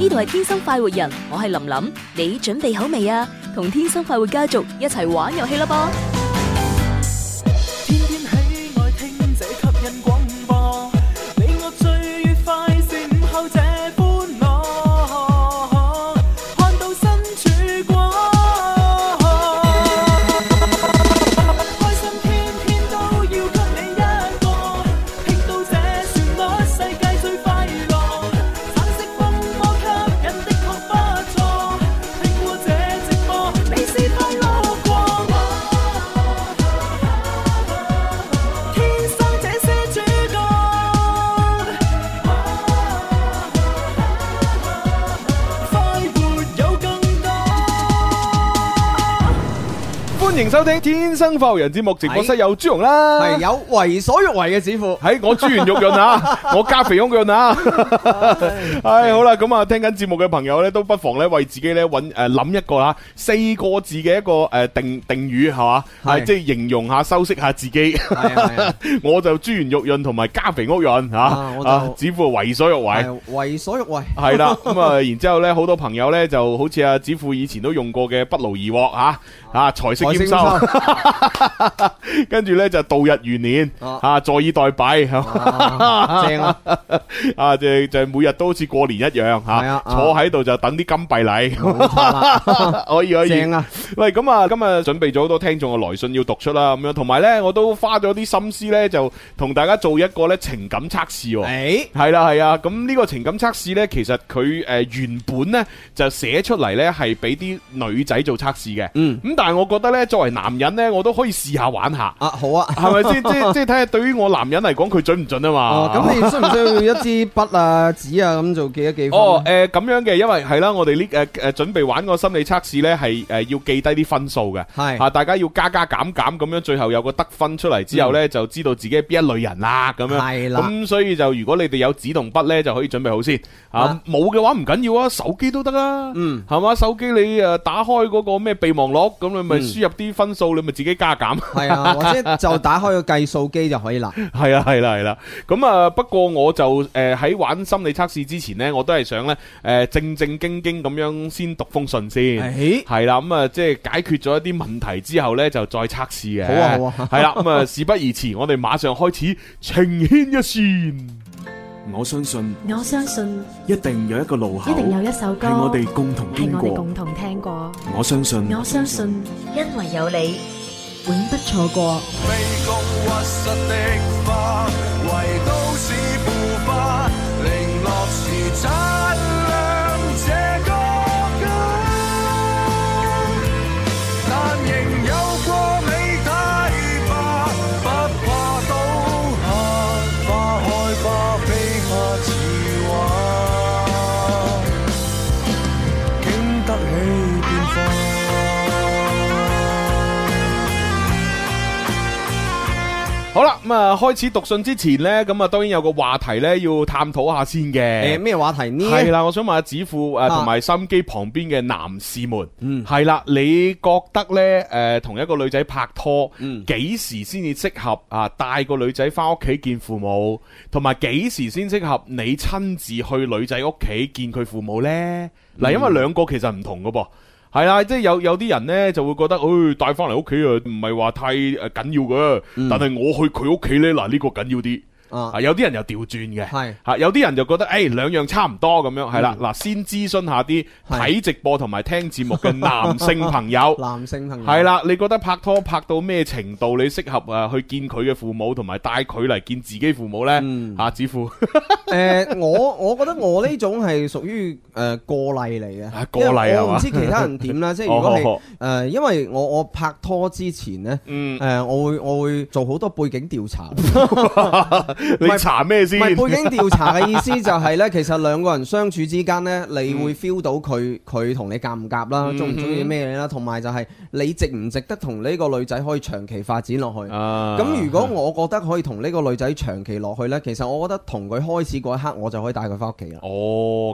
呢度係天生快活人，我係林林，你準備好未啊？同天生快活家族一齊玩遊戲啦噃！收聽天生發福人節目直播室有朱紅啦，係、哎、有為所欲為嘅指父喺、哎、我珠圓玉潤啊，我加肥屋潤啊，係、 哎哎哎哎、好啦，咁、嗯、啊聽緊節目嘅朋友咧，都不妨咧為自己咧揾，誒諗一個啊四個字嘅一個誒定定語，係嘛，係是即係形容下修飾下自己， 我就珠圓玉潤同埋加肥屋潤啊，我就子父為所欲為，為所欲為係啦，咁 啊、嗯、然之後咧好多朋友咧就好似阿、啊、子父以前都用過嘅不勞而獲吓吓財色兼收。跟住呢，就度日如年，吓坐以待斃，正啊！啊，就就每日都好似過年一樣，吓坐喺度就等啲金幣嚟，可以可以。正啊！喂，咁啊，今日準備咗好多聽眾嘅來信要讀出啦，咁樣同埋呢，我都花咗啲心思呢，就同大家做一個呢情感測試。誒，係啦係啊，咁呢個情感測試呢，其實佢誒原本呢，就寫出嚟呢，係俾啲女仔做測試嘅，嗯，咁但係我覺得呢，作為。男人呢，我都可以試下玩下啊！好啊，係咪先？即係即係睇下，對於我男人嚟講，佢準唔準啊？嘛哦、咁你需唔需要一支筆啊、紙 啊咁就記一記分哦，呃、咁樣嘅，因為係啦，我哋呢誒準備玩個心理測試呢，係誒要記低啲分數嘅，是啊，大家要加加減減咁樣，最後有個得分出嚟之後呢，嗯、就知道自己係邊一類人啦、啊，咁樣係啦。咁的所以就如果你哋有紙同筆呢，就可以準備好先啊。冇嘅話唔緊要啊，手機都得啦，嗯，係嘛，手機你誒打開嗰個咩備忘錄，咁你咪輸入啲。分數你咪自己加減，係啊，或者就打開個計數機就可以啦。係 啊，係啦、啊，係啦、啊。咁啊，不過我就誒喺、呃、玩心理測試之前呢，我都係想呢，誒、呃、正正經經咁樣先讀封信先。係啦、欸，咁啊即係、嗯、解決咗一啲問題之後呢，就再測試嘅。好啊，好啊。係啦、啊，咁啊，啊，啊事不宜遲， 我哋馬上開始情牽一線。我相信，我相信一定有一個路口，一定有一首歌係我哋共,共同聽過。我相信，我相信，相因為有你，永不錯過。好啦，咁、嗯、啊開始讀信之前呢，咁、嗯、啊當然有個話題呢，要探討下先嘅。誒、呃，咩話題呢？係啦，我想問下子富誒同埋心機旁邊嘅男士們，嗯，係啦，你覺得呢，誒、呃、同一個女仔拍拖，嗯，幾時先至適合啊帶個女仔翻屋企見父母，同埋幾時先適合你親自去女仔屋企見佢父母呢？嗱、嗯，因為兩個其實唔同噶噃。係啦，即係有有啲人咧就會覺得，誒，帶翻嚟屋企啊，唔係話太誒緊要嘅。但係我去佢屋企咧，嗱、這、呢個緊要啲。啊！有啲人又調轉嘅，係吓是有啲人就覺得，誒、欸，兩樣差唔多咁樣，係啦的，嗱，先諮詢下啲睇直播同埋聽節目嘅男性朋友， 男性朋友係啦，你覺得拍拖拍到咩程度，你適合啊去見佢嘅父母，同埋帶佢嚟見自己父母呢？嗯、啊，子富，誒、 呃，我我覺得我呢種係屬於誒個例嚟嘅，個例係嘛？唔知其他人點啦， 即係如果你誒，因為我我拍拖之前咧，誒、呃，我會我會做好多背景調查。 你查咩先？唔係、唔係，背景調查嘅意思就係呢。 其實兩個人相處之間呢，你會 feel 到佢佢同你夾唔夾啦，鍾唔鍾意咩嘢啦，同埋就係你值唔值得同呢個女仔可以長期發展落去。咁、啊、如果我覺得可以同呢個女仔長期落去呢，啊、其實我覺得同佢開始嗰一刻，我就可以帶佢返屋企啦。哦，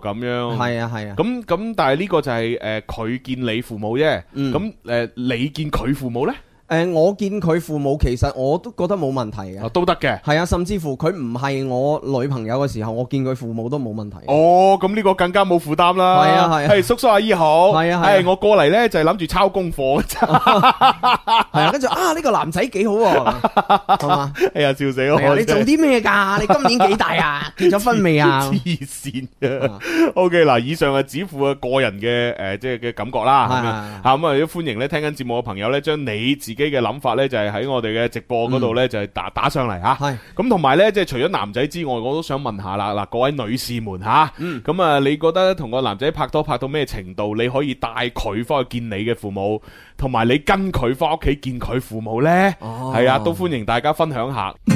咁樣，係啊，係啊。咁咁，但係呢個就係、是、誒，佢、呃、見你父母啫。咁誒、嗯呃，你見佢父母呢？誒，我見佢父母，其實我都覺得冇問題嘅，都得嘅，係啊，甚至乎佢唔係我女朋友嘅時候，我見佢父母都冇問題。哦，咁呢個更加冇負擔啦。係啊係。誒，叔叔阿姨好。係啊係。誒，我過嚟咧就係諗住抄功課。係啊，跟住啊，呢個男仔幾好係嘛？哎呀，笑死我！你做啲咩噶？你今年幾大啊？結咗婚未啊？黐線嘅。O K 嗱，以上係只父嘅個人嘅誒，即係嘅感覺啦。吓咁啊，歡迎咧聽緊節目嘅朋友咧，將你自自己嘅諗法呢就係喺我哋嘅直播嗰度呢，就係打打上嚟吓。咁同埋呢，即係除咗男仔之外，我都想問下啦。嗱，各位女士們吓，咁、嗯、啊，你覺得同個男仔拍拖拍到咩程度，你可以帶佢翻去見你嘅父母，同埋你跟佢翻屋企見佢父母呢？係、哦、啊，都歡迎大家分享下。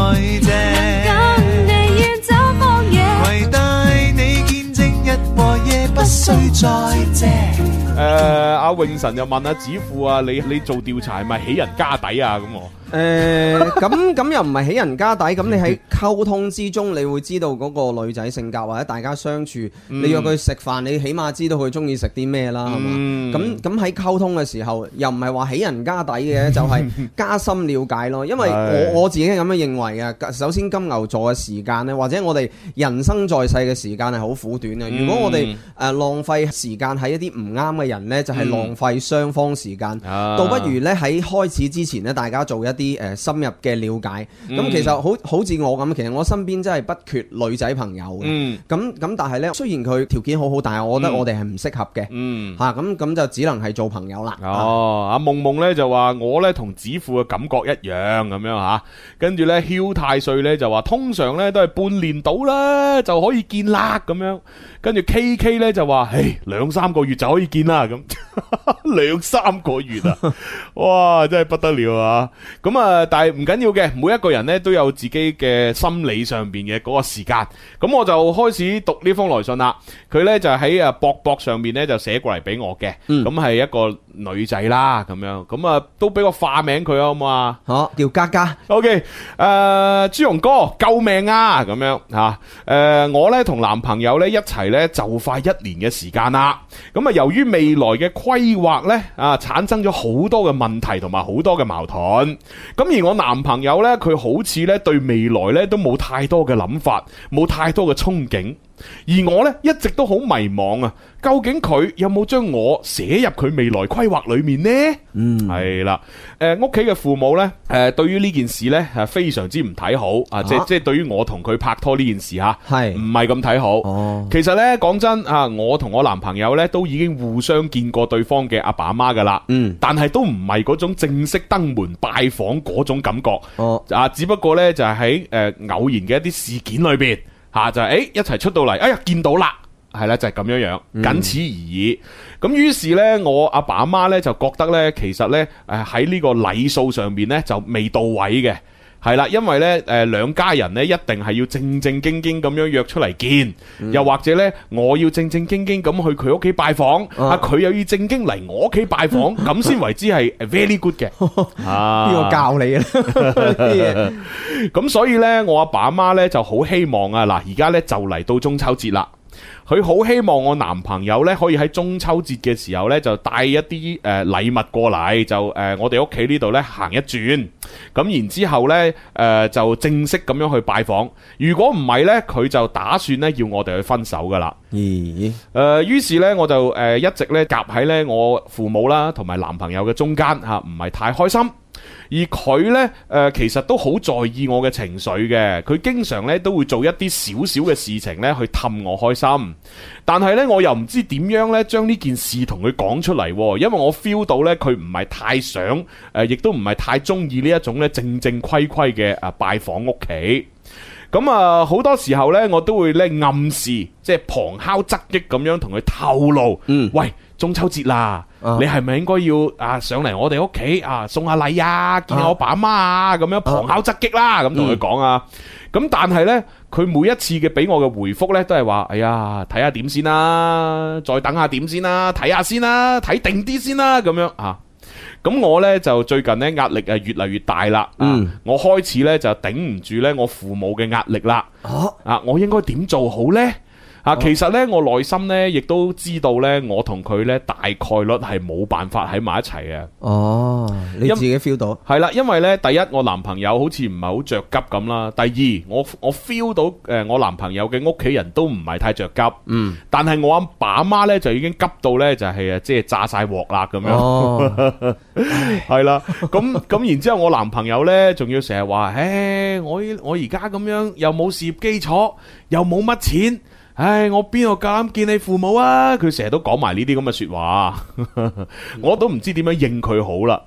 誒阿永臣又問阿、啊、子富啊，你你做調查係咪起人家底啊咁喎？誒，咁咁、 呃、又唔係起人家底，咁 你喺溝通之中，你會知道嗰個女仔性格或者大家相處，嗯、你約佢食飯，你起碼知道佢中意食啲咩啦，係嘛，嗯？咁咁喺溝通嘅時候，又唔係話起人家底嘅，就係、是、加深了解咯。因為我 我自己係咁樣認為啊，首先金牛座嘅時間呢，或者我哋人生在世嘅時間係好苦短嘅。嗯、如果我哋誒浪費時間喺一啲唔啱嘅人呢，就係、是、浪費雙方時間，倒、嗯啊、不如呢，喺開始之前呢，大家做一啲誒深入嘅了解，咁、嗯、其實好好似我咁，其實我身邊真係不缺女仔朋友嘅，咁咁、嗯、但係呢，雖然佢條件好好，但係我覺得我哋係唔適合嘅，吓咁咁就只能係做朋友啦。哦，阿夢夢呢就話我呢同子富嘅感覺一樣咁樣吓，跟、啊、住呢，囂太歲呢就話通常呢都係半年到啦就可以見啦咁樣。跟住 K K 咧就話，誒兩三個月就可以見啦，咁兩三個月啊，哇真係不得了啊！咁啊，但係唔緊要嘅，每一個人咧都有自己嘅心理上邊嘅嗰個時間。咁我就開始讀呢封來信啦。佢咧就喺啊博博上面咧就寫過嚟俾我嘅，咁係一個女仔啦，咁樣咁啊都俾我化名佢好唔好啊？吓，叫嘉嘉。O K，誒朱榮哥救命啊！咁樣吓，誒我咧同男朋友咧一齊。咧就快一年嘅時間啦，咁啊由於未來嘅規劃咧啊，產生咗好多嘅問題同埋好多嘅矛盾，咁而我男朋友咧，佢好似咧對未來咧都冇太多嘅諗法，冇太多嘅憧憬。而我呢，一直都好迷茫啊，究竟佢有冇將我寫入佢未來規劃裏面呢？嗯，係啦，誒，屋企嘅父母呢，誒，對於呢件事呢，係非常之唔睇好啊，即係即係對於我同佢拍拖呢件事吓，係唔係咁睇好？哦，其實呢，講真啊，我同我男朋友呢，都已經互相見過對方嘅阿爸阿媽噶啦，嗯，但係都唔係嗰種正式登門拜訪嗰種感覺，啊，哦，只不過呢，就係喺誒偶然嘅一啲事件裏邊。吓就係、是，誒、欸、一齊出到嚟，哎呀見到啦，係啦就係咁樣樣，僅此而已。咁、嗯、於是呢，我阿爸阿媽呢，就覺得呢，其實呢，誒喺呢個禮數上面呢，就未到位嘅。係啦，因為咧，誒，兩家人咧一定係要正正經經咁樣約出嚟見，嗯、又或者咧，我要正正經經咁去佢屋企拜訪，啊，佢、啊、又要正經嚟我屋企拜訪，咁先為之係 very good 嘅。呢個、啊、 教你啊，咁 Yeah. 所以咧，我阿爸阿媽咧就好希望啊，嗱，而家咧就嚟到中秋節啦。佢好希望我男朋友呢可以喺中秋節嘅時候呢，就帶一啲誒禮物過嚟，就誒我哋屋企呢度呢行一轉，咁然之後呢誒就正式咁樣去拜訪。如果唔係呢，佢就打算呢要我哋去分手噶啦。咦、嗯？誒，於是呢，我就誒一直呢夾喺呢我父母啦同埋男朋友嘅中間吓，唔係太開心。而佢呢，誒，其實都好在意我嘅情緒嘅，佢經常呢，都會做一啲小小嘅事情呢，去氹我開心。但係呢，我又唔知點樣呢，將呢件事同佢講出嚟，因為我 feel 到呢，佢唔係太想誒，亦都唔係太中意呢一種呢正正規規嘅啊拜訪屋企。咁啊，好多時候呢，我都會呢暗示，即係旁敲側擊咁樣同佢透露。嗯，喂。中秋節啦，啊，你係咪應該要啊上嚟我哋屋企啊送下禮啊，見下我爸媽啊，咁樣旁敲側擊啦，咁同佢講啊。咁但係呢，佢每一次嘅俾我嘅回復呢，都係話，哎呀，睇下點先啦，啊，再等下點先啦，睇下先啦，睇定啲先啦，咁樣啊。咁，啊，我呢，就最近呢壓力係越嚟越大啦。嗯，我開始呢，就頂唔住呢我父母嘅壓力啦。啊，啊，我應該點做好呢？啊，其實呢，我內心呢亦都知道呢，我同佢呢大概率係冇辦法喺埋一齊嘅。哦，你自己 feel 到？係啦，因為呢第一，我男朋友好似唔係好着急，咁啦。第二，我我 feel 到誒，我男朋友嘅屋企人都唔係太着急。嗯。但係我阿爸阿媽呢就已經急到呢，就係誒，即係炸晒鑊啦咁樣。哦。係啦，咁咁，然之後我男朋友呢仲要成日話，誒，我我而家咁樣，又冇事業基礎，又冇乜錢。唉，我邊度敢見你父母啊？佢成日都講埋呢啲咁嘅說話， 我都唔知點樣應佢好啦。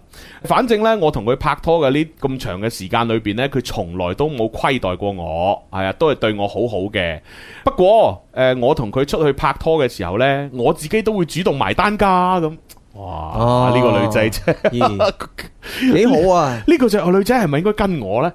反正呢，我同佢拍拖嘅呢咁長嘅時間裏邊呢，佢從來都冇虧待過我，係啊，都係對我好好嘅。不過誒，我同佢出去拍拖嘅時候呢，我自己都會主動埋單噶咁。哇！呢、哦、個女仔真係幾好啊！呢個就女仔係咪應該跟我呢？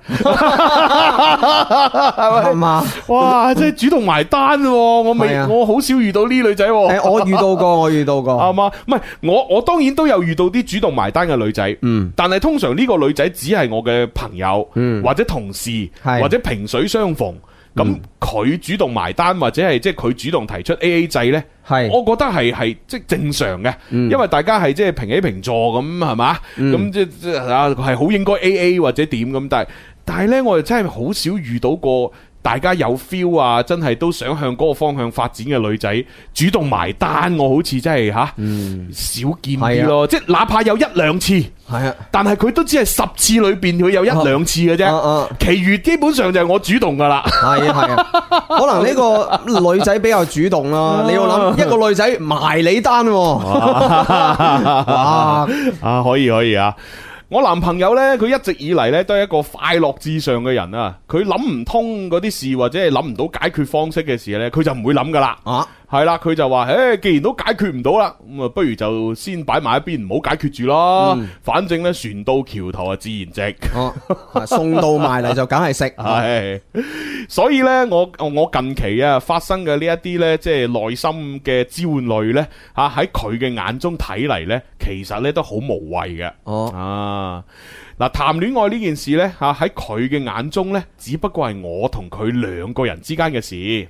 係咪啊？哇！即係主動埋單，我未、啊、我好少遇到呢女仔。誒， 我遇到過，我遇到過。係嘛？ 唔係我我當然都有遇到啲主動埋單嘅女仔。嗯，但係通常呢個女仔只係我嘅朋友，嗯、或者同事，是或者萍水相逢。咁佢主動埋單或者係即係佢主動提出 A A 制呢，係是，我覺得係係即正常嘅，嗯、因為大家係即係平起平坐咁係嘛，咁即即係好應該 A A 或者點咁，但係但係呢，我哋真係好少遇到過。大家有 feel 啊，真係都想向嗰個方向發展嘅女仔主動埋單，我好似真係吓少見啲咯。即係哪怕有一兩次，係啊，但係佢都只係十次裏邊佢有一兩次嘅啫，其餘基本上就係我主動噶啦。係啊係啊，可能呢個女仔比較主動啦。你要諗一個女仔埋你單，哇啊，可以可以啊。我男朋友呢，佢一直以嚟呢都係一個快樂至上嘅人啊。佢諗唔通嗰啲事或者係諗唔到解決方式嘅事呢，佢就唔會諗噶啦啊。係啦，佢就話，誒、欸，既然都解決唔到啦，咁啊，不如就先擺埋一邊，唔好解決住咯。嗯、反正咧，船到橋頭啊，自然直、哦。 送到埋嚟就梗係識。係的、嗯，所以咧，我我近期啊發生嘅、就是、呢一啲咧，即係內心嘅焦慮咧，吓喺佢嘅眼中睇嚟咧，其實咧都好無謂嘅。哦，啊，嗱，談戀愛呢件事咧，吓喺佢嘅眼中咧，只不過係我同佢兩個人之間嘅事。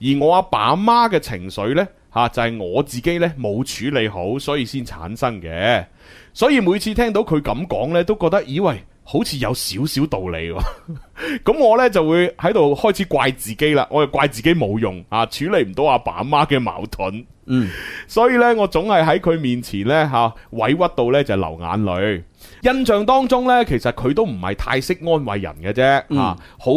而我阿爸阿媽嘅情緒呢，吓、啊、就係、是、我自己呢冇處理好，所以先產生嘅。所以每次聽到佢咁講呢，都覺得以為好似有少少道理、哦。咁、 嗯、我呢，就會喺度開始怪自己啦，我又怪自己冇用啊，處理唔到阿爸阿媽嘅矛盾。嗯，所以呢，我總係喺佢面前呢，吓、啊、委屈到呢就流眼淚。印象當中呢，其實佢都唔係太識安慰人嘅啫，嚇好、嗯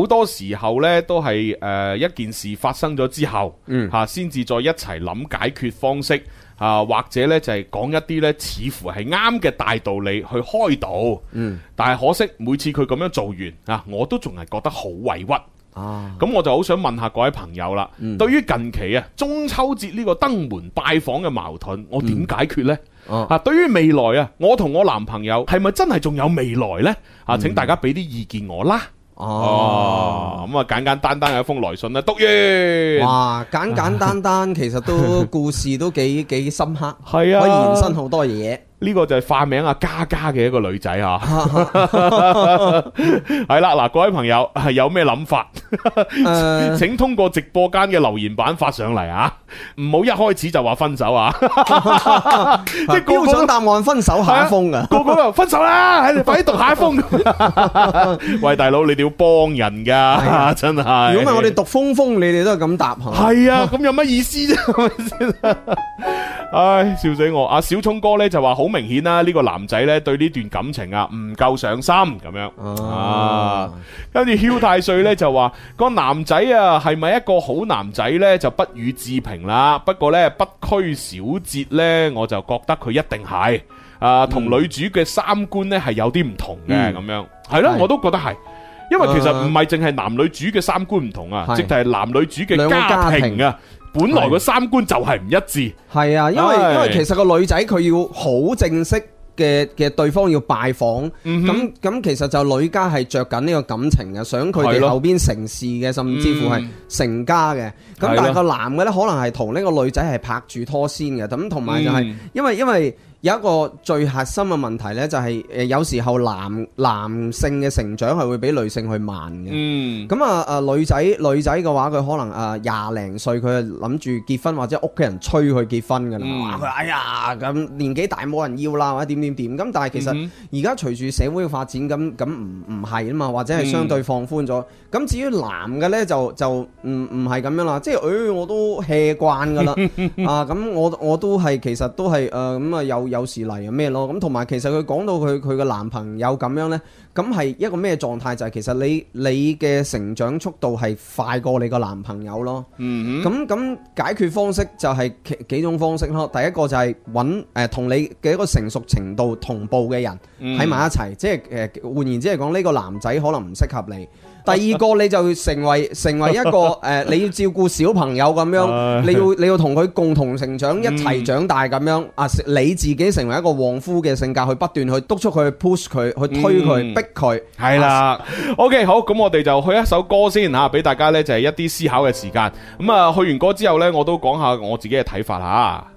啊、多時候呢，都係誒、呃、一件事發生咗之後，嚇先至再一齊諗解決方式，嚇、啊、或者呢，就係、是、講一啲呢，似乎係啱嘅大道理去開導，嗯，但係可惜每次佢咁樣做完，嚇、啊、我都仲係覺得好委屈，啊，咁我就好想問下各位朋友啦，嗯、對於近期啊中秋節呢個登門拜訪嘅矛盾，我點解決呢？嗯哦，吓對於未來啊，我同我男朋友係咪真係仲有未來呢？吓，請大家俾啲意見我啦。嗯、哦，咁啊簡簡單單嘅一封來信啦，讀完。哇，簡簡單單其實都 故事都幾幾深刻， 可以延伸好多嘢。呢個就係化名阿嘉嘉嘅一個女仔啊，係 啦。嗱，各位朋友係有咩諗法？ 請通過直播間嘅留言板發上嚟啊！唔好一開始就話分手啊！ 即係標準答案分手，下一封嘅，啊、個個分手啦！喺度 快啲讀下一封。 喂，大佬你哋要幫人㗎，的真係如果唔係我哋讀封封，你哋都係咁答，係啊， 咁有乜意思啫？ 唉，笑死我！啊！小聰哥咧就話好。好明顯啦，呢、這個男仔咧對呢段感情啊唔夠上心咁樣啊，跟住囂太歲呢就話個 男仔啊係咪一個好男仔呢？就不予置評啦。不過呢，不拘小節呢，我就覺得佢一定係啊同女主嘅三觀呢係有啲唔同嘅咁、嗯、樣係咯，我都覺得係，因為其實唔係淨係男女主嘅三觀唔同啊，即係男女主嘅家庭啊。本來個三觀就係唔一致，係啊，因為是因為其實個女仔佢要好正式嘅嘅對方要拜訪，咁咁、嗯、哼其實就女家係着緊呢個感情嘅，想佢哋後邊成事嘅，的甚至乎係成家嘅，咁的但係個男嘅呢，可能係同呢個女仔係拍住拖先嘅，咁同埋就係因為因為。嗯，因為，因為有一個最核心嘅問題呢，就係誒，有時候男男性嘅成長係會比女性去慢嘅。嗯。咁啊啊，女仔女仔嘅話，佢可能啊廿零歲，佢諗住結婚或者屋企人催佢結婚噶啦，話佢哎呀咁年紀大冇人要啦，或者點點點。咁、嗯哎、但係其實而家隨住社會嘅發展，咁咁唔唔係啊嘛，或者係相對放寬咗。咁、嗯、至於男嘅呢，就就唔唔係咁樣啦。即係誒、哎，我都 hea 慣噶啦。啊、 呃，咁、嗯、我、嗯嗯、我都係其實都係誒咁啊有。有時嚟啊咩咯，咁同埋其實佢講到佢佢嘅男朋友咁樣呢，咁係一個咩狀態？就係、是、其實你你嘅成長速度係快過你個男朋友咯。嗯、mm，咁、hmm. 咁解決方式就係幾，幾種方式咯。第一個就係揾誒同你嘅一個成熟程度同步嘅人喺埋一齊，mm hmm. 即係誒換言之係講呢個男仔可能唔適合你。第二個你就要成為成為一個誒、呃，你要照顧小朋友咁樣 你，你要你要同佢共同成長，一齊長大咁樣啊！嗯、你自己成為一個旺夫嘅性格，去不斷去督促佢、push 佢、去推佢、逼佢，係啦。OK，好，咁我哋就去一首歌先嚇，俾大家呢就係一啲思考嘅時間。咁啊，去完歌之後呢，我都講下我自己嘅睇法嚇。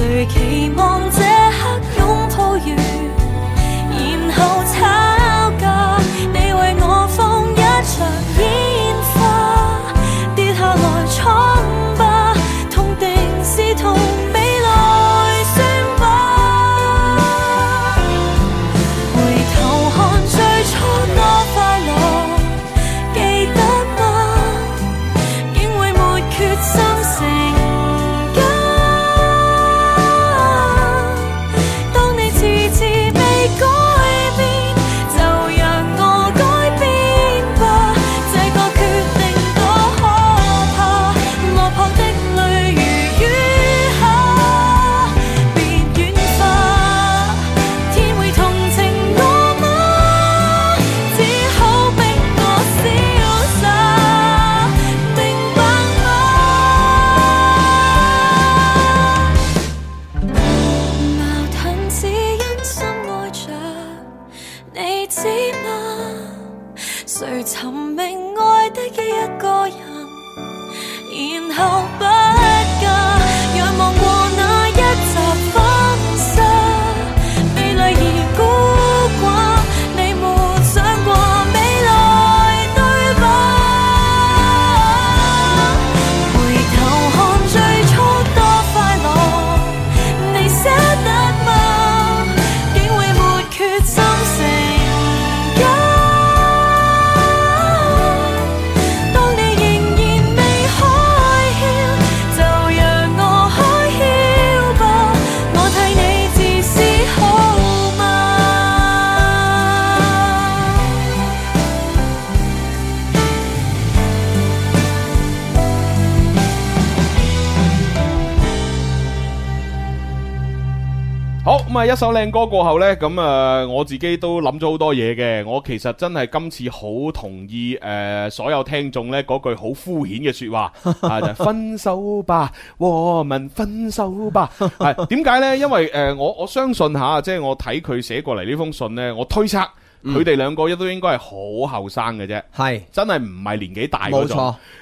誰期望這刻擁抱完，然後慘？收靚歌過後呢，咁啊、呃、我自己都諗咗好多嘢嘅。我其實真係今次好同意誒、呃，所有聽眾呢句好敷衍嘅說話 啊，就是，分手吧，我們分手吧。係點解呢？因為誒、呃，我我相信吓，即，啊、係、就是、我睇佢寫過嚟呢封信呢，我推測。佢哋兩個亦都應該係好後生嘅啫，係是真係唔係年紀大嗰種。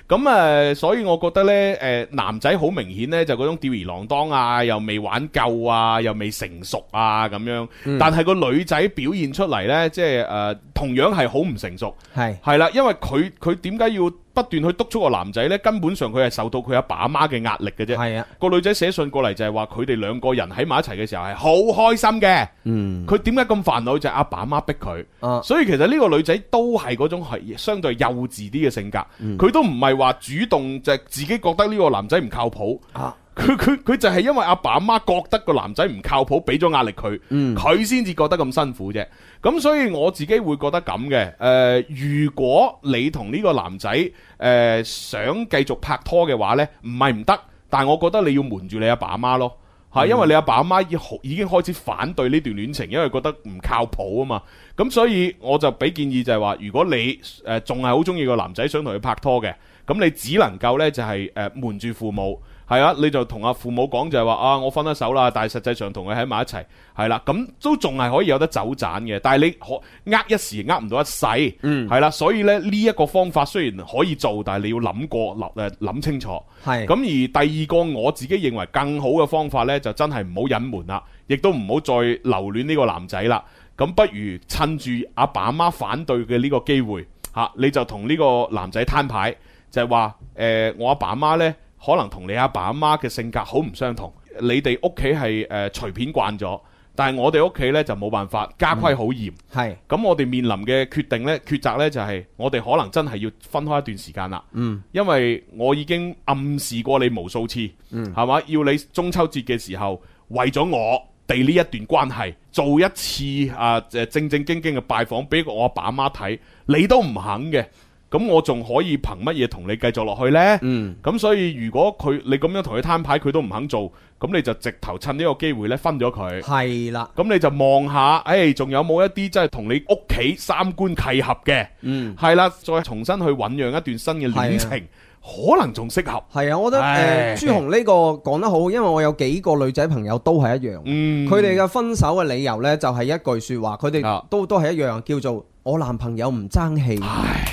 咁誒冇錯，所以我覺得呢，誒男仔好明顯呢，就嗰種吊兒郎當啊，又未玩夠啊，又未成熟啊咁樣。嗯、但係個女仔表現出嚟呢，即係誒同樣係好唔成熟，係係啦，因為佢佢點解要？不斷去督促個男仔呢，根本上佢係受到佢阿爸阿媽嘅壓力嘅啫。係啊，個女仔寫信過嚟就係話佢哋兩個人喺埋一齊嘅時候係好開心嘅。嗯，佢點解咁煩惱就係阿爸阿媽逼佢。啊，所以其實呢個女仔都係嗰種係相對幼稚啲嘅性格，佢，嗯，都唔係話主動就係自己覺得呢個男仔唔靠譜啊。佢佢就係因為阿爸阿媽覺得個男仔唔靠譜，俾咗壓力佢，佢先至覺得咁辛苦啫。咁所以我自己會覺得咁嘅。誒、呃，如果你同呢個男仔誒、呃、想繼續拍拖嘅話呢，唔係唔得，但係我覺得你要瞞住你阿爸阿媽咯，係、嗯、因為你阿爸阿媽已已經開始反對呢段戀情，因為覺得唔靠譜啊嘛。咁所以我就俾建議就係話，如果你誒仲係好中意個男仔，想同佢拍拖嘅，咁你只能夠呢就係誒瞞住父母。係啊，你就同阿父母講就係話啊，我分咗手啦，但係實際上同佢喺埋一齊，係啦，咁都仲係可以有得走盞嘅。但係你可呃一時，呃唔到一世，嗯，係啦。所以咧呢一個方法雖然可以做，但係你要諗過，諗誒諗清楚。係咁，係啦，而第二個我自己認為更好嘅方法咧，就真係唔好隱瞞啦，亦都唔好再留戀呢個男仔啦。咁不如趁住阿爸阿媽反對嘅呢個機會吓，你就同呢個男仔攤牌，就係話誒我阿爸阿媽咧。可能同你阿爸阿媽嘅性格好唔相同，你哋屋企係誒隨便慣咗，但係我哋屋企呢就冇辦法，家規好嚴。係、嗯，咁我哋面臨嘅決定咧抉擇呢，就係、是，我哋可能真係要分開一段時間啦。嗯，因為我已經暗示過你無數次，嗯，係嘛，要你中秋節嘅時候為咗我哋呢一段關係做一次啊、呃、正正經經嘅拜訪俾我阿爸阿媽睇，你都唔肯嘅。咁我仲可以憑乜嘢同你繼續落去呢？嗯，咁所以如果佢你咁樣同佢攤牌，佢都唔肯做，咁你就直頭趁呢個機會咧分咗佢。係啦，咁你就望下，誒、哎，仲有冇一啲即係同你屋企三觀契合嘅？嗯，係啦，再重新去醞釀一段新嘅戀情，是的 可能仲適合。係啊，我覺得誒是的、呃、朱紅呢個講得好，因為我有幾個女仔朋友都係一樣，佢哋嘅分手嘅理由呢，就係一句説話，佢哋都都係一樣叫做。我男朋友唔爭氣，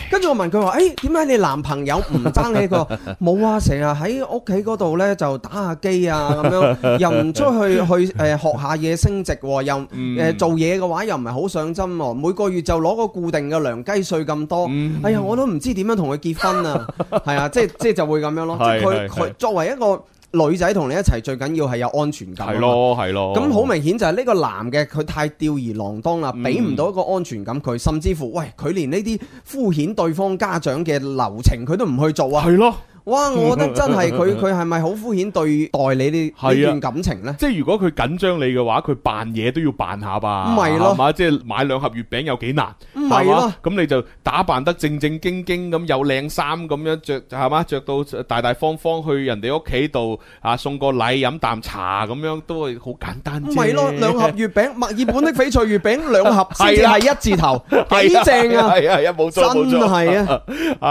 跟住唉我問佢話，誒、欸，點解你男朋友唔爭氣？佢話冇啊，成日喺屋企嗰度呢，就打下機啊，咁樣又唔出去去誒、呃、學下嘢升值，又、哦、誒、呃、做嘢嘅話又唔係好上心、哦，每個月就攞個固定嘅糧雞稅咁多。哎呀，我都唔知點樣同佢結婚啊，係 啊，即係即係就會咁樣咯。 是 即係佢佢作為一個。女仔同你一齊最緊要係有安全感。係咯，係咯。咁好明顯就係呢個男嘅佢太吊兒郎當啦，俾唔到一個安全感佢，嗯、甚至乎喂佢連呢啲敷衍對方家長嘅流程佢都唔去做啊。係咯。哇！我覺得真係佢佢係咪好敷衍對待你啲呢段感情咧？即係如果佢緊張你嘅話，佢扮嘢都要扮下吧？唔係咯，係嘛？即係買兩盒月餅有幾難？唔係咯，咁你就打扮得正正經經咁，有靚衫咁樣着係嘛？着到大大方方去人哋屋企度啊，送個禮飲啖茶咁樣都係好簡單。唔係咯，兩盒月餅，墨爾本的翡翠月餅兩盒，係啊，係一字頭幾正啊！係啊，一冇錯冇錯，係啊，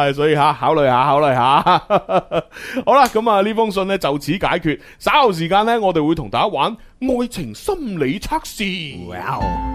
係所以嚇考慮下，考慮下。 好啦，咁啊，呢封信呢，就此解決。稍後時間呢，我哋會同大家玩愛情心理測試。Wow.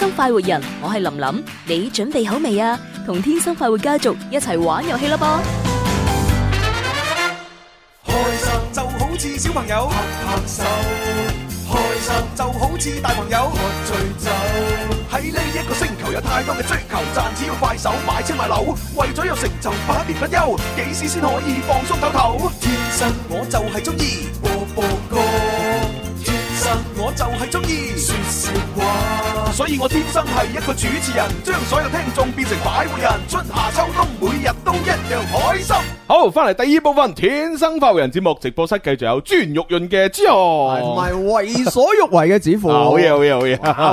天生快活人，我係林林，你準備好未啊？同天生快活家族一齊玩遊戲啦噃！開心就好似小朋友拍拍手，開心就好似大朋友喝醉酒。喺呢一個星球有太多嘅追求，賺錢要快手買車買樓，為咗有成就百變不休，幾時先可以放鬆透透？天生我就係中意播播歌，天生我就係中意說笑話。所以我天生係一個主持人，將所有聽眾變成擺渡人，春夏秋冬每日都一樣開心。好，翻嚟第二部分天生發人節目直播室，繼續有珠玉潤嘅朱浩，同埋為所欲為嘅指父。好嘢，好嘢，好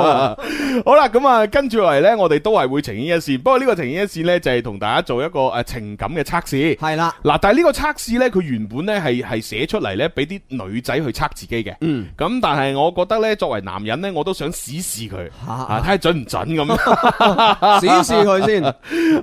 嘢。好啦，咁啊，跟住落嚟呢，我哋都係會情意一線，不過呢個情意一線呢，就係同大家做一個誒情感嘅測試。係啦，嗱，但係呢個測試呢，佢原本呢係係寫出嚟咧，俾啲女仔去測自己嘅。嗯。咁但係我覺得呢，作為男人呢，我都想試試佢，睇下準唔準咁樣，試試佢先。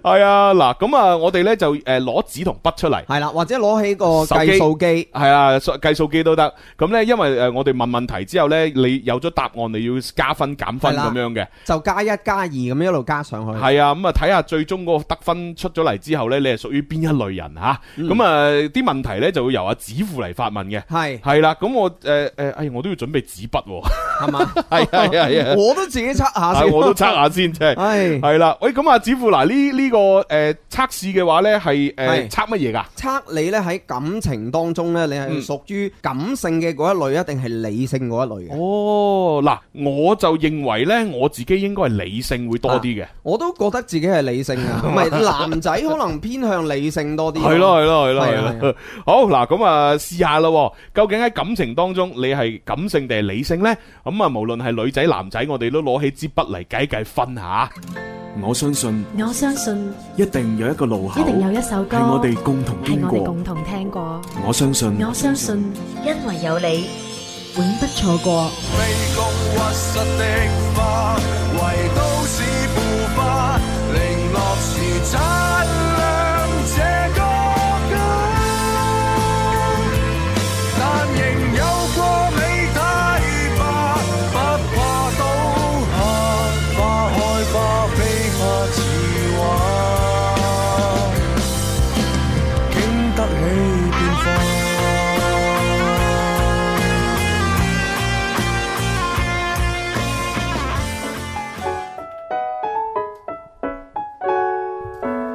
係啊，嗱，咁啊，我哋呢就誒攞紙同筆，出嚟係啦，或者攞起個計數機，係啊，計數機都得。咁咧，因為誒，我哋問問題之後咧，你有咗答案，你要加分減分咁啦樣嘅，就加一加二咁樣一路加上去。係啊，咁啊睇下最終嗰個得分出咗嚟之後咧，你係屬於邊一類人吓？咁啊啲、嗯啊、問題咧就會由阿子富嚟發問嘅。係係是啦，咁我誒誒，哎、呃，我都要準備紙筆喎，係嘛？係係係， 我都自己測下先， 我都測下先，即係係係啦。喂、啊，咁阿子富，嗱、這個呃呃、呢呢個誒測試嘅話咧，係誒測乜嘢？測你咧喺感情當中咧，你係屬於感性嘅嗰一類，啊定係理性嗰一類哦，嗱，我就認為咧，我自己應該係理性會多啲嘅，啊。我都覺得自己係理性啊，唔係 男仔可能偏向理性多啲。係咯係咯係咯係咯。好，嗱，咁啊，試下啦。究竟喺感情當中，你係感性定係理性呢？咁啊，無論係女仔男仔，我哋都攞起支筆嚟，計計分下。我相信，我相信一定有一個路口，一定有一首歌，係我哋共，共同聽過。我相信，我相信，因為有你，永不錯過。未共活塞的花，為都市腐化，零落時差。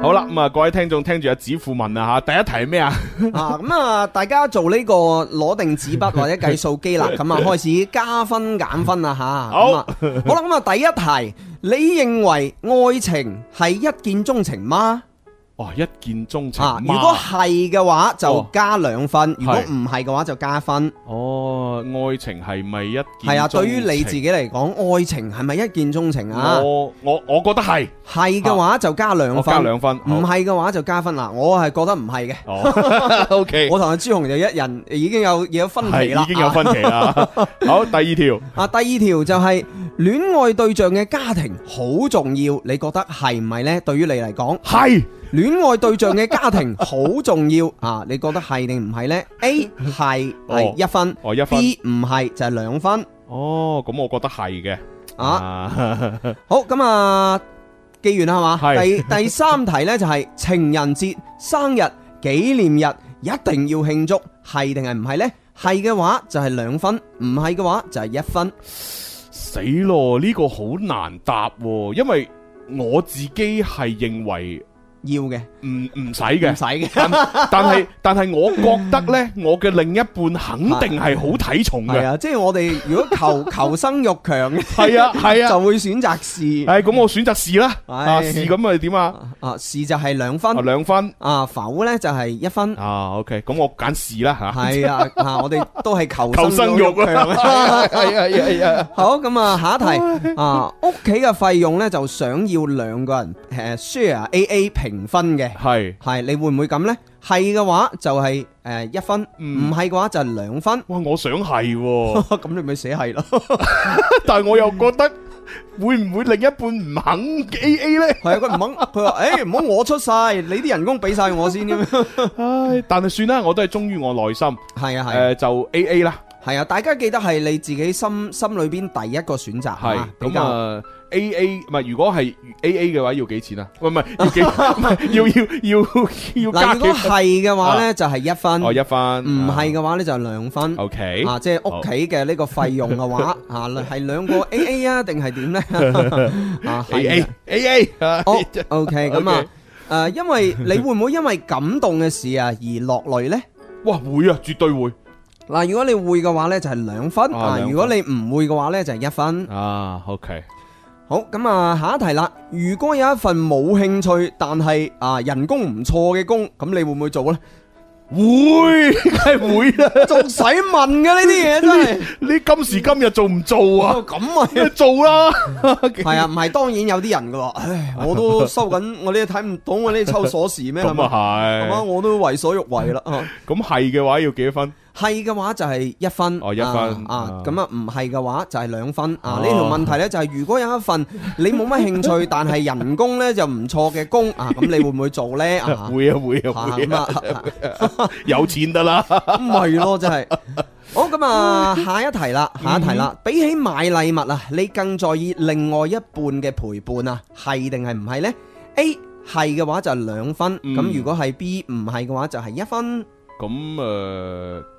嗯、好啦，咁啊，各位聽眾聽住阿子富問啊吓，第一題係咩啊？啊，咁啊，大家做呢、這個攞定紙筆或者計數機啦，咁啊 開始加分減分啦吓。好，好啦，咁、嗯、啊，第一題，你認為愛情係一見鍾情嗎？哇、哦！一見鍾情、啊、如果係嘅話就加兩分，哦、如果唔係嘅話就加分。哦，愛情係咪一係啊？對於你自己嚟講，愛情係咪一見鍾情啊？哦、我我覺得係係嘅話就加兩分，唔係嘅話就加分啦、啊。我係覺得唔係嘅。哦、o、okay、K， 我同阿朱紅就一人已經有有分歧啦，已經有分歧啦。歧 好，第二條啊，第二條就係、係、戀愛對象嘅家庭好重要，你覺得係唔係咧？對於你嚟講，係。戀愛對象嘅家庭好重要啊！你覺得係定唔係呢？A 係係一分哦，一分 B 唔係就係兩分哦。咁我覺得係嘅啊。好咁啊，記完啦係嘛？第第三題呢就係情人節、生日、紀念日一定要慶祝，係定係唔係呢？係嘅話就係兩分，唔係嘅話就係一分。死咯，呢個好難答，因為我自己係認為。要嘅，唔唔使嘅，唔使嘅。但係但係，我覺得咧，我嘅另一半肯定係好睇重嘅。係啊，即係我哋如果求求生欲強，係啊係啊，就會選擇是。係咁，我選擇是啦。啊是咁咪點啊？啊是就係兩分，兩分啊否咧就係一分。啊 OK，咁我揀是啦吓。係啊吓，我哋都係求求生欲啊。係啊係啊。好，咁啊下一題啊，屋企嘅費用咧就想要兩個人誒 share A A 平。評分嘅係係你會唔會咁咧？係嘅話就係誒一分，唔係嘅話就係兩分。哇！我想係，咁你咪寫係咯。但係我又覺得會唔會另一半唔肯 A A 咧？係啊，佢唔肯，佢話誒唔好，我出晒，你啲人工俾晒我先。唉，但係算啦，我都係忠於我內心。係啊係，誒就 A A 啦。係啊，大家記得係你自己心心裏邊第一個選擇。係咁啊，A A 唔係，如果係 A A 嘅話要幾錢啊？唔係唔係要幾？要要要要。嗱，如果係嘅話咧，就係一分。哦，一分。唔係嘅話咧，就兩分。O K 啊，即係屋企嘅呢個費用嘅話啊，係兩個 A A 啊，定係點咧？啊，A A A A。好，O K 咁啊。誒，因為你會唔會因為感動嘅事啊而落淚咧？哇，會啊，絕對會。嗱，如果你會嘅話呢，就係兩分；啊，如果你唔會嘅話呢，就係一分。啊，OK，好咁啊，下一題啦。如果有一份冇興趣但係啊人工唔錯嘅工，咁你會唔會做呢？會梗係會啦，仲使問嘅呢啲嘢真係。你今時今日做唔做啊？咁、嗯、啊， 做啦吧。係 啊，唔係當然有啲人噶。唉，我都收緊， 我啲睇唔到我啲抽鎖匙咩？咁啊係。咁我都為所欲為啦。咁係嘅話，要幾多分？ 係嘅話就係一分，哦一分，啊咁啊唔係嘅話就係兩分，啊呢條問題呢，就係如果有一份你冇乜興趣但係人工呢就唔錯嘅工啊，咁你會唔會做咧？會啊會啊會啊，有錢得啦，咪咯真係。好咁啊，下一題啦，下一題啦。比起買禮物啊，你更在意另外一半嘅陪伴啊？係定係唔係咧？A 係嘅話就兩分，咁如果係 B 唔係嘅話就係一分。咁誒，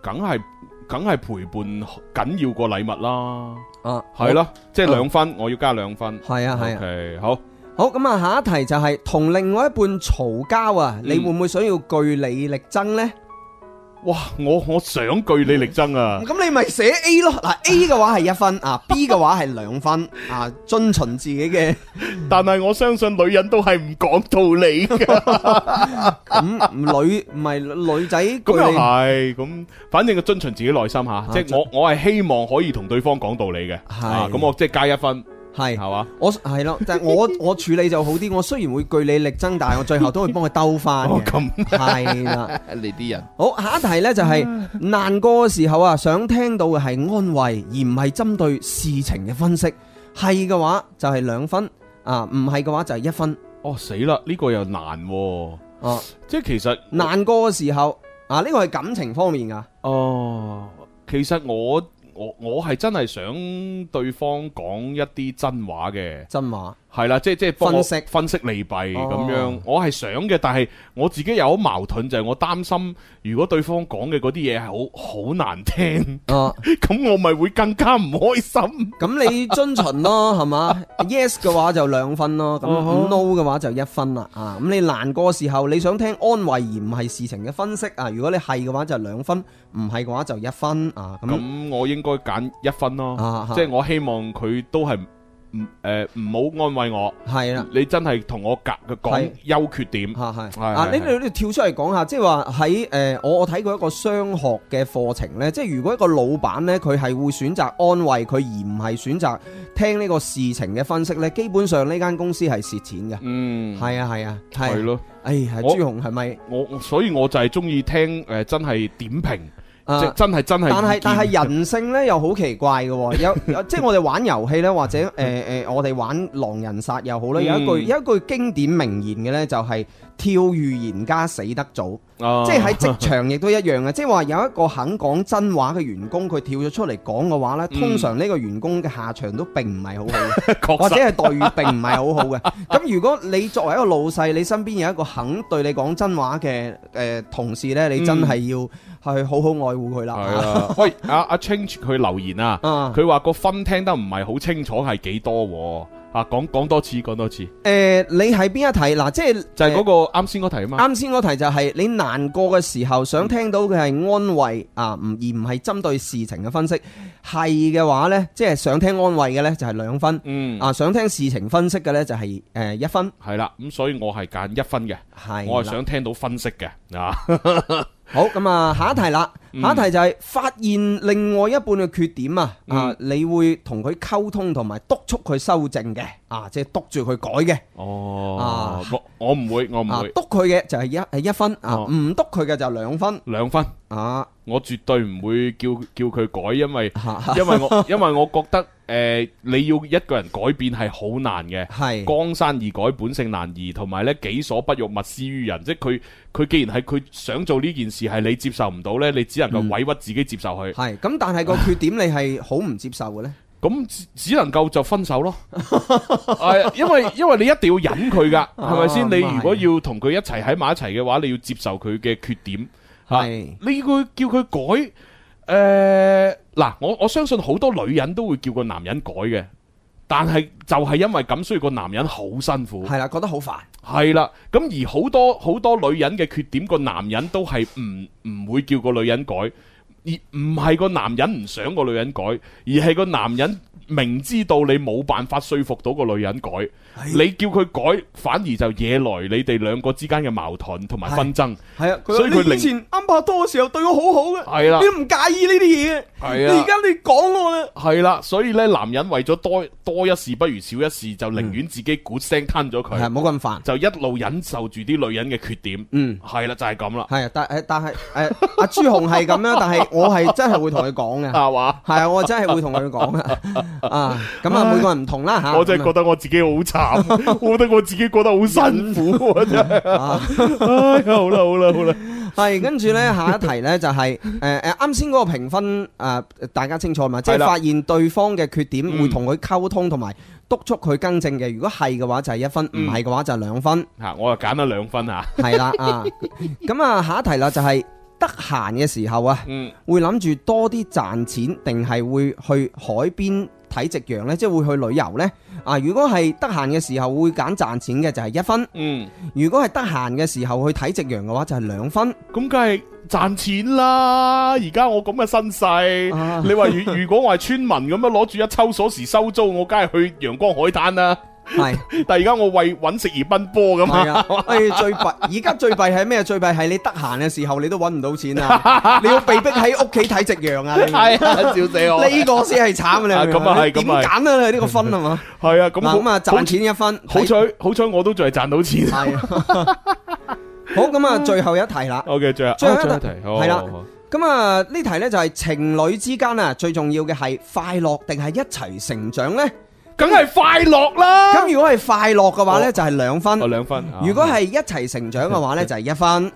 梗係梗係陪伴緊要過禮物啦。啊，係咯啦，好即係兩分，啊、我要加兩分。係啊，係 Okay, 啊，好，好咁啊，下一題就係、是、同另外一半嘈交啊，你會唔會想要據理力爭呢？嗯哇！我我想據理力爭啊！咁、嗯嗯嗯、你咪寫 A 咯，嗱 A 嘅話係一分啊，B 嘅話係兩分 啊，遵循自己嘅。但係我相信女人都係唔講道理嘅。咁、 嗯、女唔係女仔，咁又係咁，反正係遵循自己內心吓，啊啊、即係我我係希望可以同對方講道理嘅，咁的、啊、我即係加一分。係係嘛，我係咯，但我我處理就好啲，我雖然會據理力爭，但係我最後都會幫佢兜翻，嘅。係啦，哦，的你啲人。好，下一題呢就係難過嘅時候啊，想聽到嘅係安慰，而唔係針對事情嘅分析。係嘅話就係兩分，啊，唔係嘅話就係一分。哦，死啦，呢個又難。哦，啊，即係其實難過嘅時候啊，呢個係感情方面噶。哦，其實我。我我係真係想對方講一啲真話嘅。真話。係啦，即係即係分析分析利弊咁、啊、樣。我係想嘅，但係我自己有好矛盾，就係、是、我擔心，如果對方講嘅嗰啲嘢係好好難聽，咁、啊、 我咪會更加唔開心。咁、啊、你遵循咯，係嘛 ？Yes 嘅話就兩分咯，咁 No 嘅話就一分啦。啊，咁你難過嘅時候，你想聽安慰而唔係事情嘅分析啊？如果你係嘅話就兩分，唔係嘅話就一分啊。咁我應該揀一分咯，即係、啊、我希望佢都係。唔誒，唔好、呃、安慰我。係啦，你真係同我夾嘅講優缺點。吓係係啊，你你你跳出嚟講下，即係話喺誒，我我睇過一個商學嘅課程呢，即係如果一個老闆呢，佢係會選擇安慰佢，而唔係選擇聽呢個事情嘅分析呢，基本上呢間公司係蝕錢嘅。嗯，係啊係啊係。係咯，哎，朱紅係咪？我所以我就係中意聽誒、呃，真係點評。誒，真係真係，但係但係人性呢，又好奇怪嘅，哦， 有即係我哋玩遊戲呢，或者誒誒、呃呃，我哋玩狼人殺又好啦，有一句，嗯、有一句經典名言嘅呢，就係、是。跳預言家死得早，即係喺職場亦都一樣嘅，即係話有一個肯講真話嘅員工，佢跳咗出嚟講嘅話呢，通常呢個員工嘅下場都並唔係好好，或者係待遇並唔係好好嘅。咁如果你作為一個老細，你身邊有一個肯對你講真話嘅誒同事呢，你真係要去好好愛護佢啦。喂，阿阿 Change 佢留言啊，佢話個分聽得唔係好清楚，係幾多？啊，講講多次，講多次。誒、呃，你係邊一題？嗱、啊，即係就係嗰、那個啱先嗰題啊嘛。啱先嗰題就係你難過嘅時候，想聽到嘅係安慰啊，唔、嗯、而唔係針對事情嘅分析。係嘅、嗯、話呢，即、就、係、是、想聽安慰嘅呢就係兩分。嗯。啊，想聽事情分析嘅呢就係、是、誒、呃、一分。係啦，咁所以我係揀一分嘅。係的。我係想聽到分析嘅。嗱、啊。 好，咁啊，下一題啦。啊！我絕對唔會叫叫佢改，因為 因為我因為我覺得誒、呃，你要一個人改變係好難嘅，是江山易改，本性難移，同埋咧己所不欲，勿施於人。即係佢佢既然係佢想做呢件事，係你接受唔到呢，你只能夠委屈自己接受佢。係咁、嗯，但係個缺點你係好唔接受嘅呢？咁 只能夠就分手咯。 因為因為你一定要忍佢噶，係咪先？你如果要同佢一齊喺埋一齊嘅話，你要接受佢嘅缺點。係、啊，你佢叫佢改，誒、呃，嗱，我我相信好多女人都會叫個男人改嘅，但係就係因為咁，所以個男人好辛苦。係啦，覺得好煩。係啦，咁而好多好多女人嘅缺點，個男人都係唔唔會叫個女人改，而唔係個男人唔想個女人改，而係個男人。明知道你冇辦法說服到個女人改，你叫佢改反而就惹來你哋兩個之間嘅矛盾同埋紛爭。係啊，所以佢以前啱拍拖嘅時候對我好好嘅，係啦，你唔介意呢啲嘢嘅，你而家你講我啦，係啦，所以咧男人為咗多多一事不如少一事，就寧願自己鼓聲吞咗佢，係冇咁煩，就一路忍受住啲女人嘅缺點。嗯，係啦，就係咁啦。係，但係但係誒，阿朱紅係咁樣，但係我係真係會同佢講嘅，係嘛，係啊，我真係會同佢講嘅。啊，咁啊，每個人唔同啦吓。我真係覺得我自己好慘，我覺得我自己覺得好辛苦，真係。唉，好啦好啦好啦。係，跟住呢下一題呢，就係誒誒，啱先嗰個評分啊，大家清楚嘛？即係發現對方嘅缺點，會同佢溝通，同埋督促佢更正嘅。如果係嘅話就係一分，唔係嘅話就係兩分。吓，我又揀咗兩分吓。係啦啊，咁啊下一題啦，就係得閒嘅時候啊，嗯，會諗住多啲賺錢，定係會去海邊？睇夕陽呢，即係會去旅遊呢。啊，如果係得閒嘅時候，會揀賺錢嘅就係一分。嗯分嗯。嗯，如果係得閒嘅時候去睇夕陽嘅話，就係兩分。咁梗係賺錢啦！而家我咁嘅身世，啊、你話如果我係村民咁樣攞住一抽鎖匙收租，我梗係去陽光海灘啦。係，但係而家我為揾食而奔波咁，係啊！最弊，而家最弊係咩？最弊係你得閒嘅時候，你都揾唔到錢啊！你要被逼喺屋企睇夕陽啊！係啊，笑死我！呢個先係慘啊！咁啊係，點揀啊？呢個分係嘛？係啊，咁好嘛？賺錢一分，好彩，好彩，我都仲係賺到錢。係，好咁啊！最後一題啦。OK，最後，最後一題，係啦。咁啊，呢題咧就係情侶之間啊，最重要嘅係快樂定係一齊成長咧？梗係快樂啦！咁如果係快樂嘅話呢，就係兩分，兩分；如果係一齊成長嘅話呢，就係一分。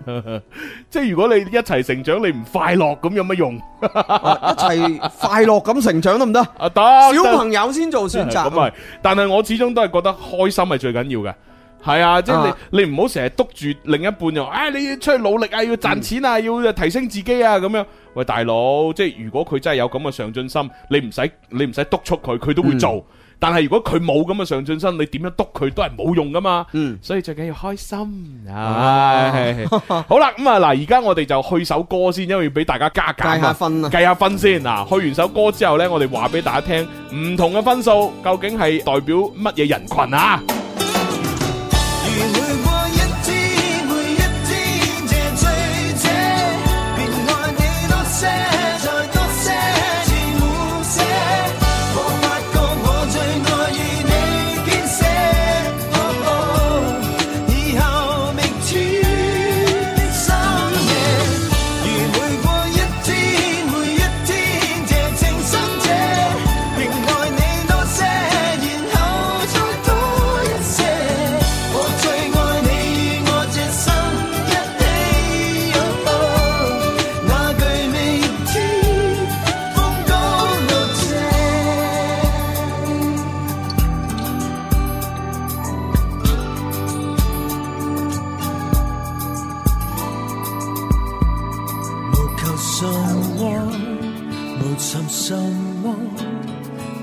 即係如果你一齊成長，你唔快樂咁有乜用？一齊快樂咁成長得唔得？啊得！小朋友先做選擇咁係，但係我始終都係覺得開心係最緊要嘅。係啊，即係你你唔好成日督住另一半又，唉，你要出去努力啊，要賺錢啊，要提升自己啊咁樣。喂，大佬，即係如果佢真係有咁嘅上進心，你唔使你唔使督促佢，佢都會做。但係如果佢冇咁嘅上進心，你點樣督佢都係冇用噶嘛。嗯，所以最緊要開心。係，好啦，咁啊嗱，而家我哋就去首歌先，因為要俾大家加，計下分啊，計下分先。嗱、啊，去完首歌之後呢，我哋話俾大家聽，唔同嘅分數究竟係代表乜嘢人群啊？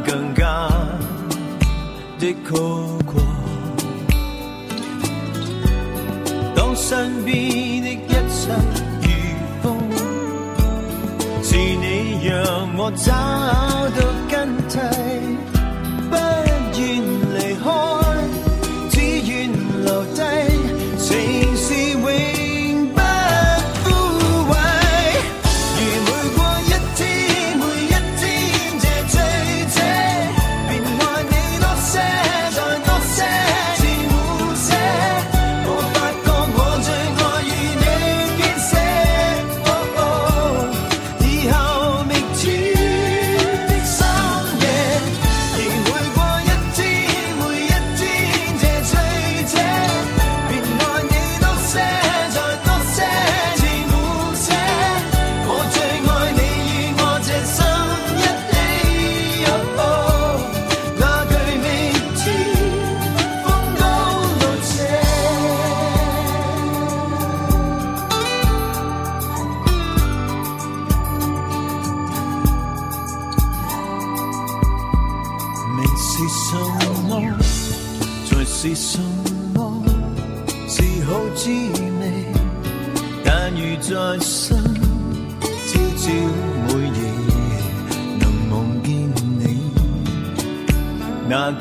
更加的高過，當身邊的一切如風，是你讓我找到根蒂。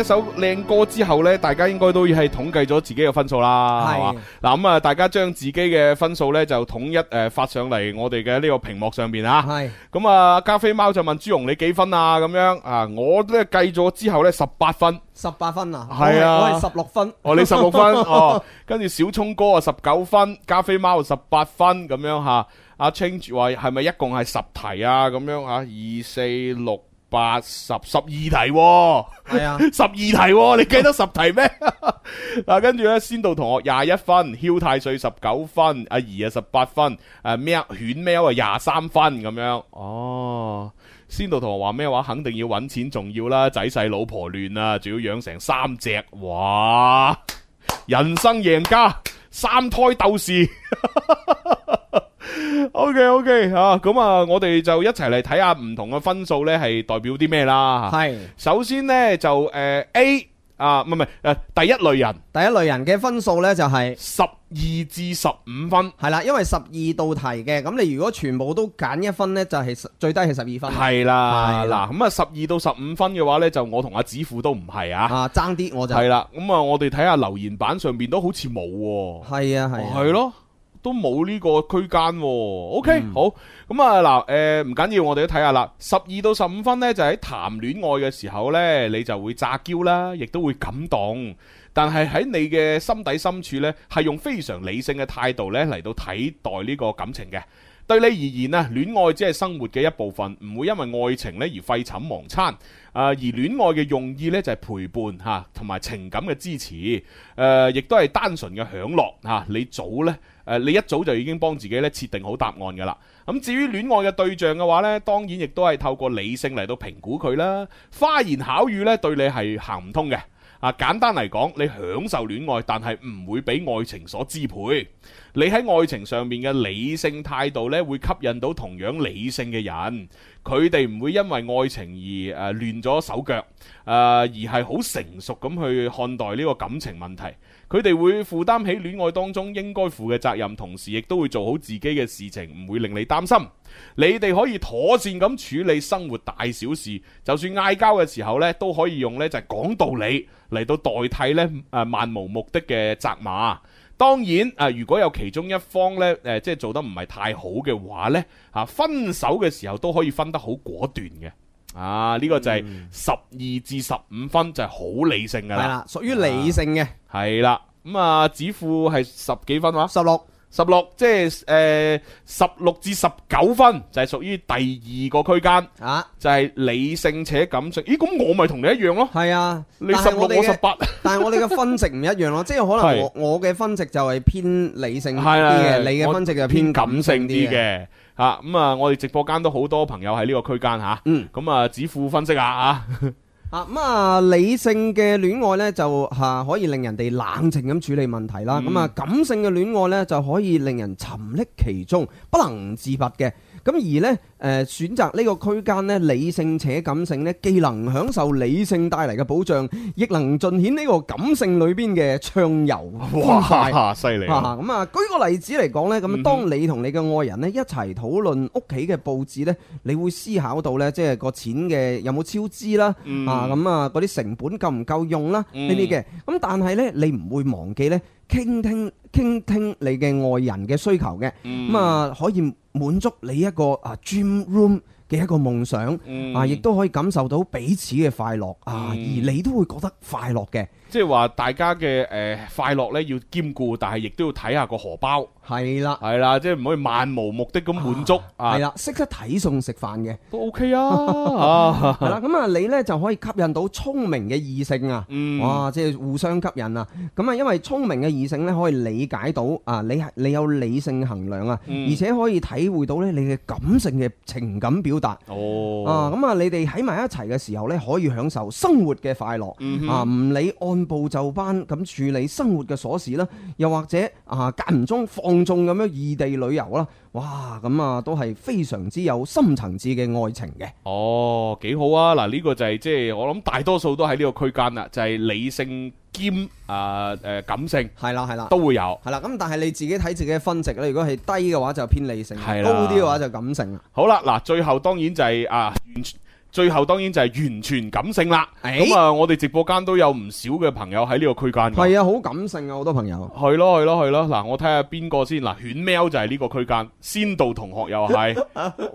一首靚歌之後呢，大家應該都係統計咗自己嘅分數啦，係嘛是？嗱咁啊，大家將自己嘅分數呢就統一誒發上嚟我哋嘅呢個屏幕上邊啊。係咁啊，加菲貓就問朱紅你幾分啊？咁樣啊，我咧計咗之後呢，十八分，十八分啊？係啊，我係十六分。分 哦，你十六分哦，跟住小聰哥啊十九分，加菲貓十八分咁樣吓。阿、啊、Change 話係咪一共係十題啊？咁樣吓，二四六。八十十二題係啊，十二題你記得十題咩？嗱、 啊，跟住咧，先到同學廿一分，囂太歲十九分，阿儀啊十八分，誒、啊、咩？犬喵啊廿三分咁樣。哦，先到同學話咩話？肯定要揾錢重要啦，仔細老婆亂啊，仲要養成三隻，哇！ 人生贏家，三胎鬥士。 O K O K 吓，咁、okay, okay, 啊，啊，我哋就一齊嚟睇下唔同嘅分數呢係代表啲咩啦？係是首先呢，就誒、呃、A 啊，唔係唔係，誒第一類人，第一類人嘅分數呢就係十二至十五分，係啦，因為十二道題嘅，咁你如果全部都揀一分呢，就係、是、最低係十二分，係啦，係咁啊十二到十五分嘅話呢，就我同阿子富都唔係啊，啊爭啲我就係啦，咁啊，我哋睇下留言板上面都好似冇、啊，係啊係，係咯、啊。都冇呢個區間喎。哦、OK，嗯、好，咁啊，嗱，誒唔緊要，我哋都睇下啦。十二到十五分呢，就喺談戀愛嘅時候呢，你就會詐嬌啦，亦都會感動，但係喺你嘅心底深處呢，係用非常理性嘅態度呢嚟到睇待呢個感情嘅。對你而言啊，戀愛只係生活嘅一部分，唔會因為愛情咧而廢寢忘餐。啊，而戀愛嘅用意咧就係陪伴吓，同埋情感嘅支持。誒、呃，亦都係單純嘅享樂吓、啊。你早咧，誒，你一早就已經幫自己咧設定好答案噶啦。咁至於戀愛嘅對象嘅話咧，當然亦都係透過理性嚟到評估佢啦。花言巧語咧對你係行唔通嘅。啊，簡單嚟講，你享受戀愛，但係唔會俾愛情所支配。你喺愛情上面嘅理性態度咧，會吸引到同樣理性嘅人。佢哋唔會因為愛情而誒亂咗手腳，誒、呃、而係好成熟咁去看待呢個感情問題。佢哋會負擔起戀愛當中應該負嘅責任，同時亦都會做好自己嘅事情，唔會令你擔心。你哋可以妥善咁處理生活大小事，就算嗌交嘅時候咧，都可以用咧就係講道理嚟到代替咧誒漫無目的嘅責罵。當然啊，如果有其中一方咧，誒、呃、即係做得唔係太好嘅話咧，嚇、啊、分手嘅時候都可以分得好果斷嘅。啊，呢、這個就係十二至十五分就係好理性㗎啦。係啦，屬於理性嘅。係啦、啊，咁、嗯、啊指數係十幾分話？十六。十六即係誒，呃、十六至十九分就係屬於第二個區間啊，就係理性且感性。咦，咁我咪同你一樣咯？係啊，你十六我十八。但係我哋嘅分值唔一樣咯， 即係可能我、啊、我嘅分值就係偏理性啲嘅，啊啊、你嘅分值就偏感性啲嘅。吓咁啊，嗯、我哋直播間都好多朋友喺呢個區間吓，咁啊，嗯、指數分析下啊。啊啊，咁啊，理性嘅戀愛咧就嚇可以令人哋冷靜咁處理問題啦。咁啊、嗯，感性嘅戀愛咧就可以令人沉溺其中，不能自拔嘅。咁而呢，誒、呃、選擇呢個區間呢，理性且感性呢，既能享受理性帶嚟嘅保障，亦能盡顯呢個感性裏邊嘅暢遊。哇！犀利。啊，咁、嗯、啊，舉個例子嚟講呢，咁當你同你嘅愛人呢一齊討論屋企嘅佈置呢，你會思考到呢，即係個錢嘅有冇超支啦，嗯、啊，咁啊，嗰啲成本夠唔夠用啦呢啲嘅。咁、嗯、但係呢，你唔會忘記呢，傾聽，聽，傾聽你嘅愛人嘅需求嘅，咁啊、嗯、可以滿足你一個啊 dream room 嘅一個夢想，嗯、啊亦都可以感受到彼此嘅快樂、嗯、啊，而你都會覺得快樂嘅。即係話大家嘅誒快樂咧要兼顧，但係亦都要睇下個荷包。係啦的，係啦，即係唔可以漫無目的咁滿足啊。係啦，識得睇餸食飯嘅都 OK 啊。係啦、 啊，咁啊你咧就可以吸引到聰明嘅異性啊。嗯，哇，即係互相吸引啊。咁啊，因為聰明嘅異性咧可以理解到啊，你係你有理性衡量啊，嗯、而且可以體會到咧你嘅感性嘅情感表達。哦，啊，咁啊，你哋喺埋一齊嘅時候咧可以享受生活嘅快樂、嗯、哼啊，唔理按。按部就班咁處理生活嘅瑣事啦，又或者啊間唔中放縱咁樣異地旅遊啦，哇咁啊都係非常之有深層次嘅愛情嘅。哦，幾好啊！嗱，呢個就係即係我諗大多數都喺呢個區間啦，就係、是、理性兼啊誒感性。係啦，係啦，都會有。係啦，咁但係你自己睇自己嘅分值啦。如果係低嘅話就偏理性，高啲嘅話就感性啦。好啦，嗱，最後當然就係、是、啊完全最後當然就係完全感性啦，咁啊，我哋直播間都有唔少嘅朋友喺呢個區間，係啊，好感性啊，好多朋友，係咯，係咯，係咯，嗱，我睇下邊個先，嗱，犬喵就係呢個區間，仙道同學又係，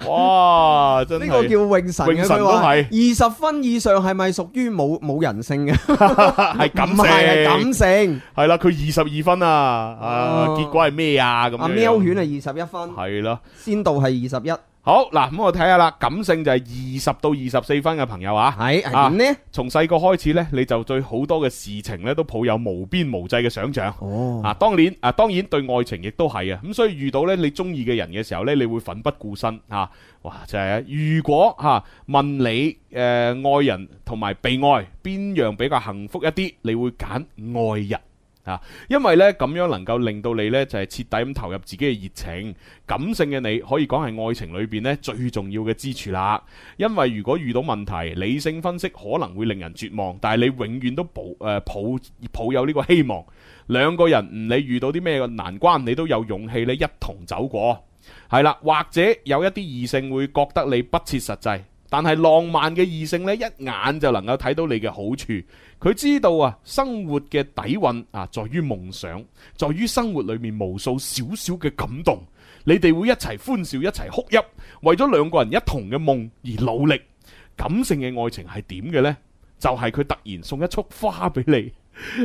哇，真呢個叫永神，永神都係二十分以上係咪屬於冇冇人性嘅？係感性，係感性，係啦，佢二十二分啊，啊，結果係咩啊咁，啊，喵犬係二十一分，係咯，仙道係二十一。好嗱，咁我睇下啦。感性就係二十到二十四分嘅朋友啊，係係點咧？從細個開始呢，你就對好多嘅事情呢都抱有無邊無際嘅想象。哦，啊，當然啊，當然對愛情亦都係啊。咁所以遇到呢你中意嘅人嘅時候呢，你會奮不顧身啊。哇，就係、是啊、如果吓、啊、問你誒、呃，愛人同埋被愛邊樣比較幸福一啲，你會揀愛人。啊，因為咧咁樣能夠令到你咧就係徹底咁投入自己嘅熱情，感性嘅你可以講係愛情裏邊咧最重要嘅支柱啦。因為如果遇到問題，理性分析可能會令人絕望，但係你永遠都抱誒抱抱有呢個希望。兩個人唔理遇到啲咩嘅難關，你都有勇氣咧一同走過係啦。或者有一啲異性會覺得你不切實際。但係浪漫嘅異性咧，一眼就能夠睇到你嘅好處。佢知道啊，生活嘅底蘊啊，在於夢想，在於生活裏面無數少少嘅感動。你哋會一齊歡笑，一齊哭泣，為咗兩個人一同嘅夢而努力。感性嘅愛情係點嘅呢？就係、是、佢突然送一束花俾你，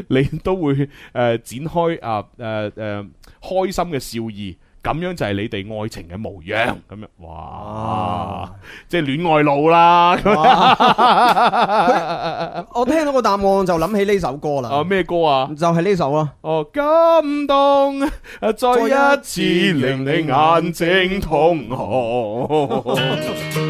你都會誒、呃、展開啊誒誒開心嘅笑意。咁樣就係你哋愛情嘅模樣，咁樣，哇，哇即係戀愛腦啦哇！ 我聽到個答案就諗起呢首歌啦。啊、呃，咩歌啊？就係呢首啦、啊。哦，感動，再一次令你眼睛痛。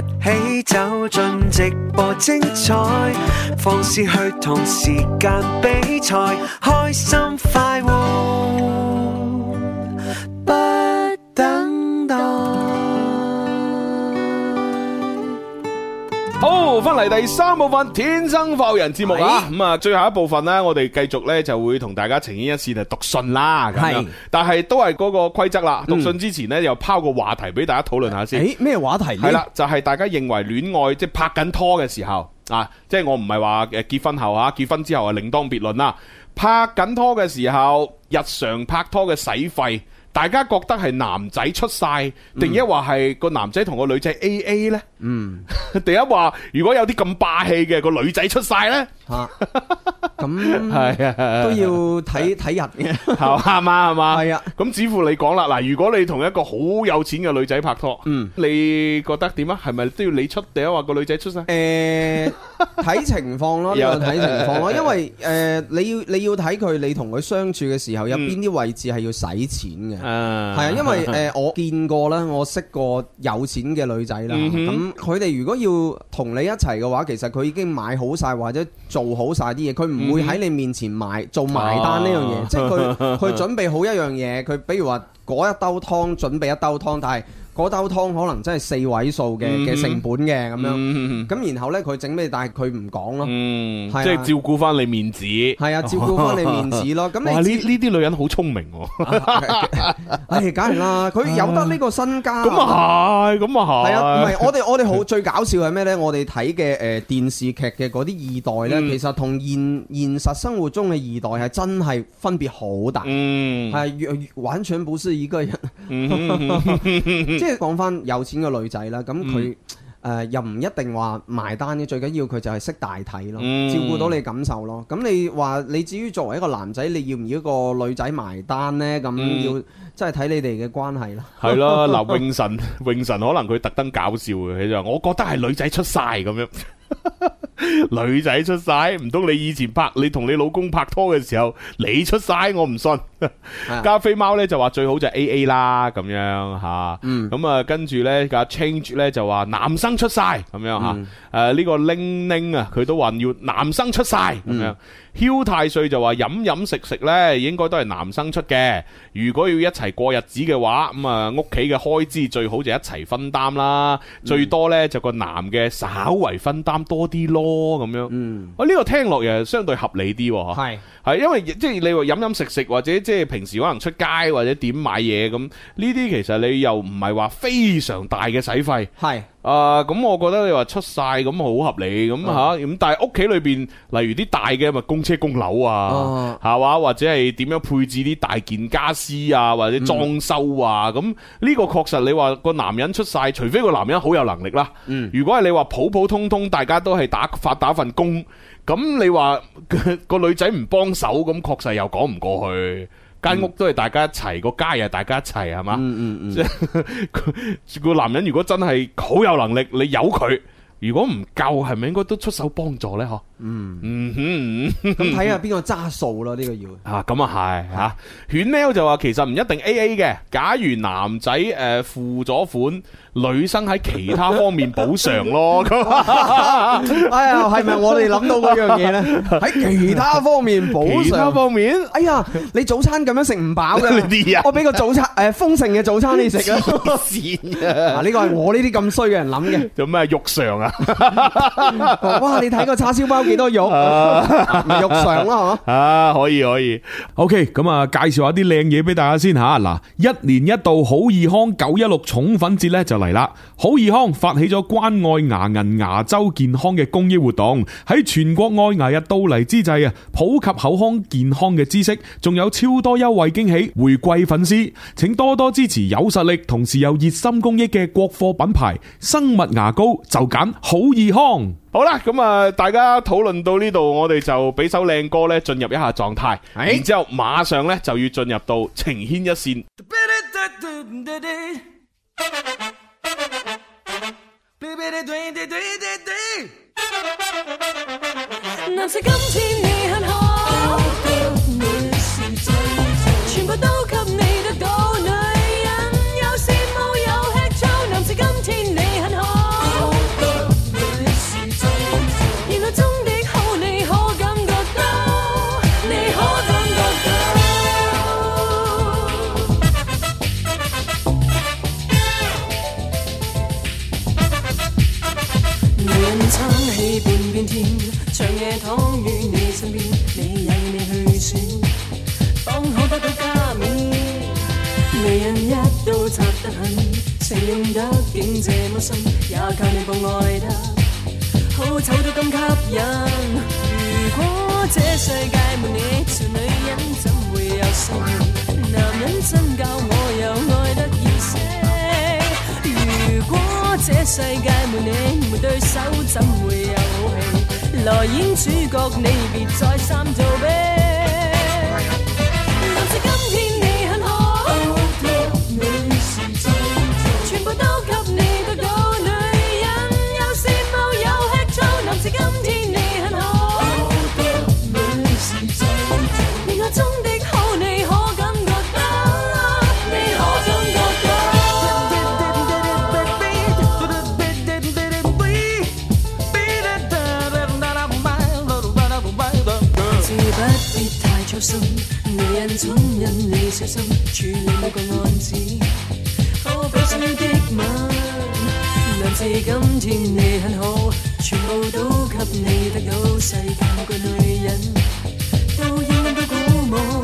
一起走進直播精彩，放肆去同時間比賽，開心快活。嚟，第三部分天生浮人節目啊。咁啊是、嗯，最後一部分呢，我哋繼續呢就會同大家呈現一扇就係、讀信啦。係，是但係都係嗰個規則啦。讀信之前呢，又拋個話題俾大家討論下先。誒，咩話題？係啦，就係、是、大家認為戀愛，即係拍緊拖嘅時候啊，即係我唔係話誒結婚後啊，結婚之後啊另當別論啦。拍緊拖嘅時候，日常拍拖嘅使費，大家覺得係男仔出晒，定一話係個男仔同個女仔 A A 呢？嗯，定一話如果有啲咁霸氣嘅個女仔出晒呢？咁係啊，都要睇睇人嘅。係嘛係嘛，係啊。咁視乎你講啦，嗱，如果你同一個好有錢嘅女仔拍拖，嗯，你覺得點啊？係咪都要你出定話個女仔出晒？誒，睇情況咯，睇情況咯，因為誒，你要你要睇佢，你同佢相處嘅時候有邊啲位置係要使錢嘅，係啊，因為誒，我見過啦，我識過有錢嘅女仔啦，咁佢哋如果要同你一齊嘅話，其實佢已經買好晒或者做好晒啲嘢，佢唔會喺你面前埋做埋單呢樣嘢。啊、即係佢佢準備好一樣嘢，佢比如話嗰一兜湯準備一兜湯，但係，嗰兜湯可能真係四位數嘅嘅成本嘅咁樣，咁然後咧佢整咩？但係佢唔講咯，嗯，係，即係照顧翻你面子。係啊，照顧翻你面子咯。咁你呢呢啲女人好聰明。唉，梗係啦，佢有得呢個身家。咁啊係，咁啊係。係啊，唔係我哋我哋好最搞笑係咩咧？我哋睇嘅誒電視劇嘅嗰啲二代咧，其實同現現實生活中嘅二代係真係分別好大。嗯，係完全不是一個人。即係。即講翻有錢嘅女仔啦，咁佢誒又唔一定話埋單嘅，最緊要佢就係識大體咯，嗯、照顧到你感受咯。咁你話你至於作為一個男仔，你要唔要一個女仔埋單呢？咁要。嗯即係睇你哋嘅關係啦、 啊。係啦，嗱，永神永神可能佢特登搞笑嘅，佢就我覺得係女仔出晒咁樣， 女仔出晒。唔通，你以前拍你同你老公拍拖嘅時候，你出晒？我唔信。加菲貓咧就話最好就 A A 啦咁樣吓。樣嗯。咁啊，跟住咧個 change 咧就話男生出晒咁樣吓。誒，呢個 ling ling 啊，佢、這個啊、都話要男生出晒咁樣。嗯囂太歲就話飲飲食食呢應該都係男生出嘅。如果要一齊過日子嘅話，咁啊屋企嘅開支最好就一齊分擔啦。嗯、最多呢就個男嘅稍為分擔多啲咯，咁樣。嗯，我呢、啊呢個聽落又相對合理啲。係係是，因為即係你話飲飲食食或者即係平時可能出街或者點買嘢咁，呢啲其實你又唔係話非常大嘅使費。係。啊，咁、呃、我覺得你話出晒咁好合理咁吓，咁、嗯、但係屋企裏邊，例如啲大嘅咪供車供樓啊，係嘛？啊，或者係點樣配置啲大件家私啊，或者裝修啊，咁呢、嗯、個確實你話個男人出晒，除非個男人好有能力啦。嗯，如果係你話普普通通，大家都係打發打份工，咁你話個女仔唔幫手，咁確實又講唔過去。間屋都係大家一齊，嗯、個家又大家一齊，係嘛？即係、嗯嗯嗯、 個男人如果真係好有能力，你有佢；如果唔夠，係咪應該都出手幫助呢？嗬？嗯嗯哼，咁睇下邊個揸數咯，呢個要啊，咁啊係吓，犬、啊、喵就話其實唔一定 A A 嘅，假如男仔誒、呃、付咗款，女生喺其他方面補償咯。啊、哎呀，係咪我哋諗到嗰樣嘢咧？喺、啊、其他方面補償方面，哎呀，你早餐咁樣食唔飽嘅，我俾個早餐誒豐、呃、盛嘅早餐你食啊？多啊，呢個係我呢啲咁衰嘅人諗嘅，有咩肉償啊哇？哇，你睇個叉燒包包。幾多肉啊？肉腸咯，係嘛？啊，可以可以。OK，咁啊，介紹下啲靚嘢俾大家先吓。嗱，一年一度好易康九一六寵粉節咧就嚟啦！好易康發起咗關愛牙齦、牙周健康嘅公益活動，喺全國愛牙日到嚟之際啊，普及口腔健康嘅知識，仲有超多優惠驚喜回饋粉絲，請多多支持有實力同時又熱心公益嘅國貨品牌生物牙膏，就揀好易康。好啦，咁啊，大家討論到呢度，我哋就俾首靚歌咧進入一下狀態，然之後馬上咧就要進入到情牽一線。半邊天，長夜躺於你身邊，你也要你去選，方可得到加冕。女人一刀插得很，情用得竟這麼深，也靠你博愛得，好醜都咁吸引。如果這世界沒你做女人，怎會有生命，男人真教我又愛得。這世界沒你沒對手，怎會有好戲？來演主角，你別再三逃避。因你小心處理每個案子，可悲傷的吻。兩次今天你很好，全部都給你得到世界個女人，都要感鼓舞。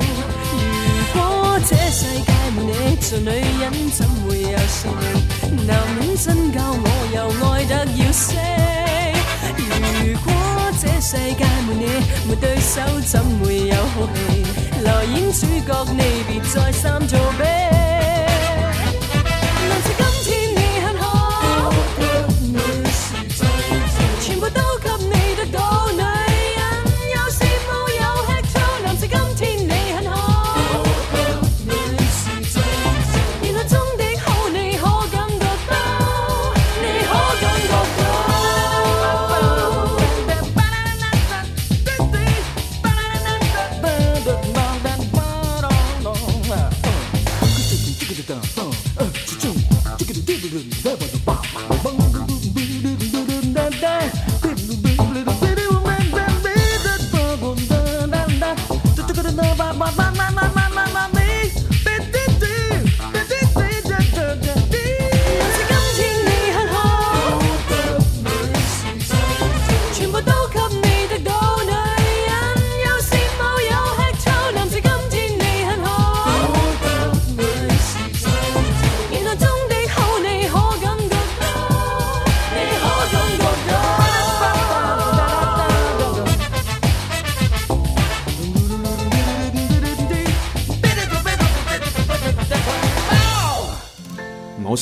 如果這世界沒你做女人，怎會有誰？男人真教我又愛得要死。如這世界沒你，沒對手，怎會有好戲？來演主角，你別再三做弊。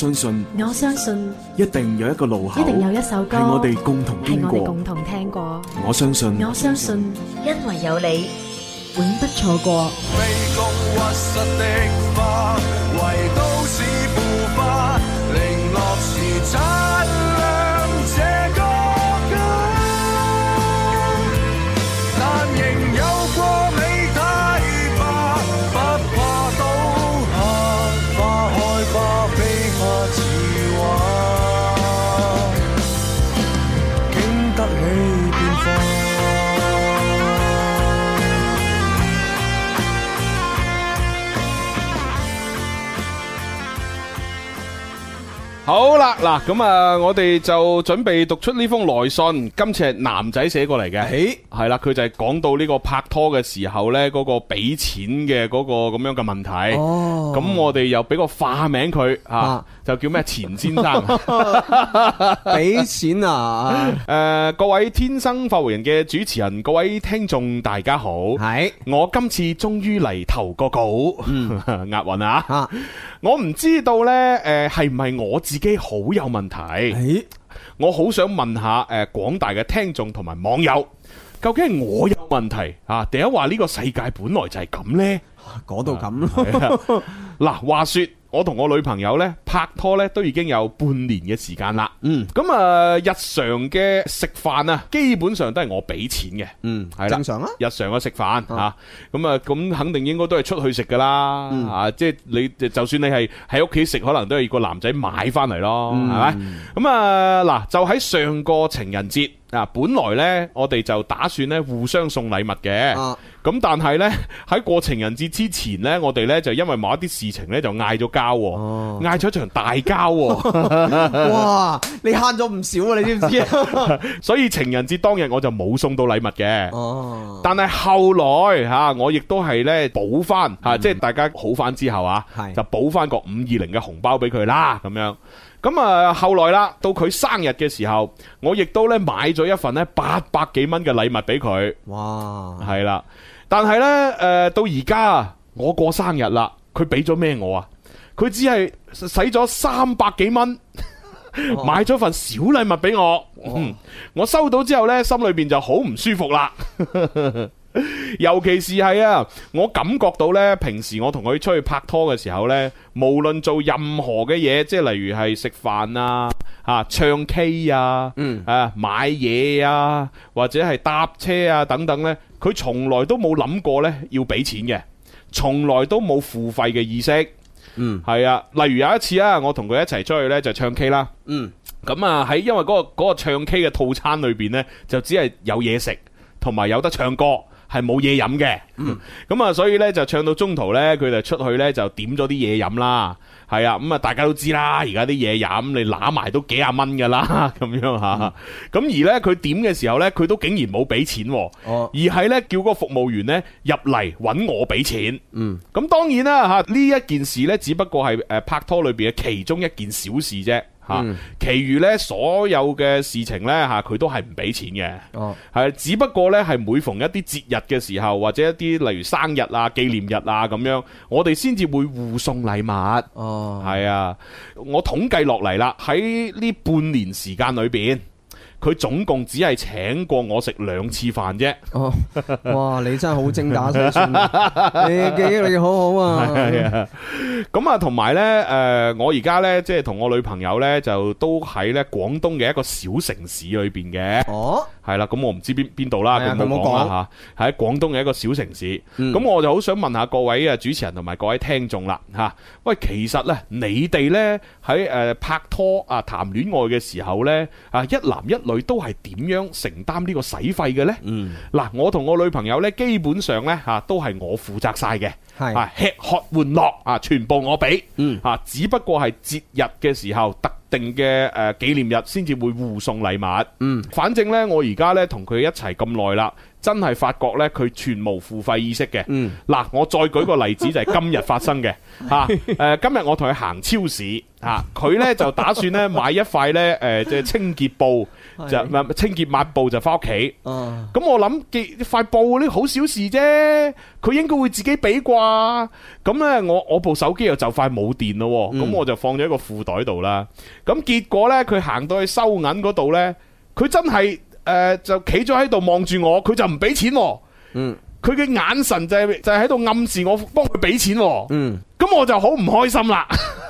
我相信，我相信一定有一個路口，一定有一首歌係我哋共同聽過，係我哋共同聽過。我相信，我相信，因為有你，永不錯過。好啦，嗱，咁啊，我哋就準備讀出呢封來信，今次係男仔寫過嚟嘅。Hey. 係啦，佢就係講到呢個拍拖嘅時候呢嗰、那個俾錢嘅嗰個咁樣嘅問題。咁、哦、我哋又俾個化名佢，吓、啊、就叫咩錢先生。俾 錢啊！誒、呃，各位天生發回人嘅主持人，各位聽眾大家好。係是我今次終於嚟投個稿，嗯、押韻啊！我唔知道呢誒係唔係我自己好有問題？是我好想問下誒廣、呃、大嘅聽眾同埋網友。究竟係我有問題啊？定一話呢個世界本來就係咁咧？講到咁，嗱，話說。我同我女朋友呢拍拖呢，都已經有半年嘅時間啦。嗯，咁啊，日常嘅食飯啊，基本上都係我俾錢嘅。嗯，係正常啊。日常嘅食飯吓，咁啊，啊，咁肯定應該都係出去食噶啦。嗯、啊，即係你就算你係喺屋企食，可能都係個男仔買翻嚟咯，係咪、嗯？咁、嗯嗯、啊，嗱，就喺上個情人節啊，本來呢我哋就打算呢互相送禮物嘅。啊咁但係呢，喺過情人節之前呢，我哋呢就因為某一啲事情呢，就嗌咗交，嗌咗場大交。 哇！你慳咗唔少啊，你知唔知啊？所以情人節當日我就冇送到禮物嘅。哦、但係後來吓，我亦都係呢補翻吓，嗯、即係大家好翻之後啊，是就補翻個五二零嘅紅包俾佢啦，咁樣。咁、嗯、啊，後來啦，到佢生日嘅時候，我亦都呢買咗一份呢八百幾蚊嘅禮物俾佢。哇！係啦。但係咧，誒、呃，到而家我過生日啦，佢俾咗咩我啊？佢只係使咗三百幾蚊， 買咗份小禮物俾我，哦嗯。我收到之後呢，心裏邊就好唔舒服啦。 尤其是係啊，我感覺到呢，平時我同佢出去拍拖嘅時候呢，無論做任何嘅嘢，即係例如係食飯啊、吓、啊、唱 K 啊、嗯、啊買嘢啊，或者係搭車啊等等呢，佢從來都冇諗過呢，要俾錢嘅，從來都冇付費嘅意識。嗯，係啊，例如有一次啊，我同佢一齊出去呢，就唱 K 啦。嗯，咁啊喺因為嗰、嗰個嗰個唱 K 嘅套餐裏邊呢，就只係有嘢食同埋有得唱歌。係冇嘢飲嘅，咁啊，嗯、所以咧就唱到中途咧，佢就出去咧就點咗啲嘢飲啦，係啊，咁、嗯、啊，大家都知啦，而家啲嘢飲你揦埋都幾廿蚊噶啦，咁樣吓，咁、嗯、而咧佢點嘅時候咧，佢都竟然冇俾錢，哦、而係咧叫個服務員咧入嚟搵我俾錢，咁、嗯、當然啦吓，呢一件事咧只不過係誒拍拖裏邊嘅其中一件小事啫。吓，其餘呢，所有嘅事情呢，吓，佢都係唔俾錢嘅，係只不過呢，係每逢一啲節日嘅時候，或者一啲例如生日啊、紀念日啊咁樣，我哋先至會互送禮物。哦，係啊，我統計落嚟啦，喺呢半年時間裏邊。佢總共只係請過我食兩次飯啫。哦，哇！你真係好精打細算啊！ 你記憶力好好啊。咁啊，同埋呢，誒，我而家呢，即係同我女朋友呢，就都喺呢廣東嘅一個小城市裏邊嘅。哦。係啦，咁我唔知邊邊度啦，咁我講啦吓，喺廣東嘅一個小城市。咁、嗯、我就好想問下各位啊，主持人同埋各位聽眾啦，吓，喂，其實呢，你哋呢，喺誒拍拖啊，談戀愛嘅時候呢，啊，一男一女。佢都係點樣承擔呢個使費嘅呢？嗱、嗯，我同我女朋友呢，基本上呢吓都係我負責晒嘅，係是吃喝玩樂啊，全部我俾，啊，嗯、只不過係節日嘅時候，特定嘅誒紀念日先至會互送禮物。嗯，反正呢，我而家呢同佢一齊咁耐啦。真係發覺呢，佢全無付費意識嘅。嗱、嗯，我再舉個例子就係、是、今日發生嘅吓。誒、 啊呃，今日我同佢行超市吓，佢、啊、呢就打算咧買一塊呢，誒，即係清潔布就清潔抹布就翻屋企。咁我諗，塊布呢好小事啫，佢應該會自己俾啩。咁呢、啊，我我部手機又就快冇電咯，咁、嗯、我就放咗一個褲袋度啦。咁結果呢，佢行到去收銀嗰度呢，佢真係。誒、呃，就企咗喺度望住我，佢就唔俾錢、啊。嗯，佢嘅眼神就係、是、就係喺度暗示我幫佢俾錢、啊。嗯，咁我就好唔開心啦。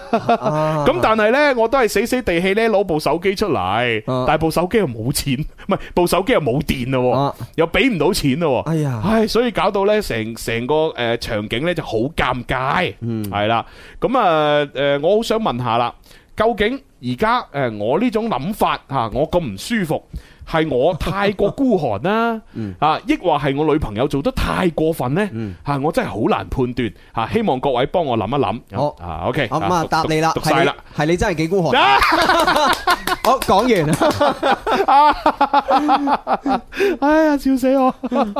咁、 啊、但係呢，我都係死死地氣呢，攞部手機出嚟，啊、但係部手機又冇錢，唔係部手機又冇電啦，啊、又俾唔到錢啦。哎呀，唉，所以搞到呢，成成個誒場景呢就好尷尬。嗯，係啦，咁啊誒，我好想問下啦，究竟而家誒我呢種諗法吓，我咁唔舒服？係我太過孤寒啦，啊，抑或係我女朋友做得太過分呢？吓，我真係好難判斷吓，希望各位幫我諗一諗。好啊、喔，OK、嗯。好，咁讀啊，答你啦，係啦，係你真係幾孤寒。好，講完。哎呀，笑死我！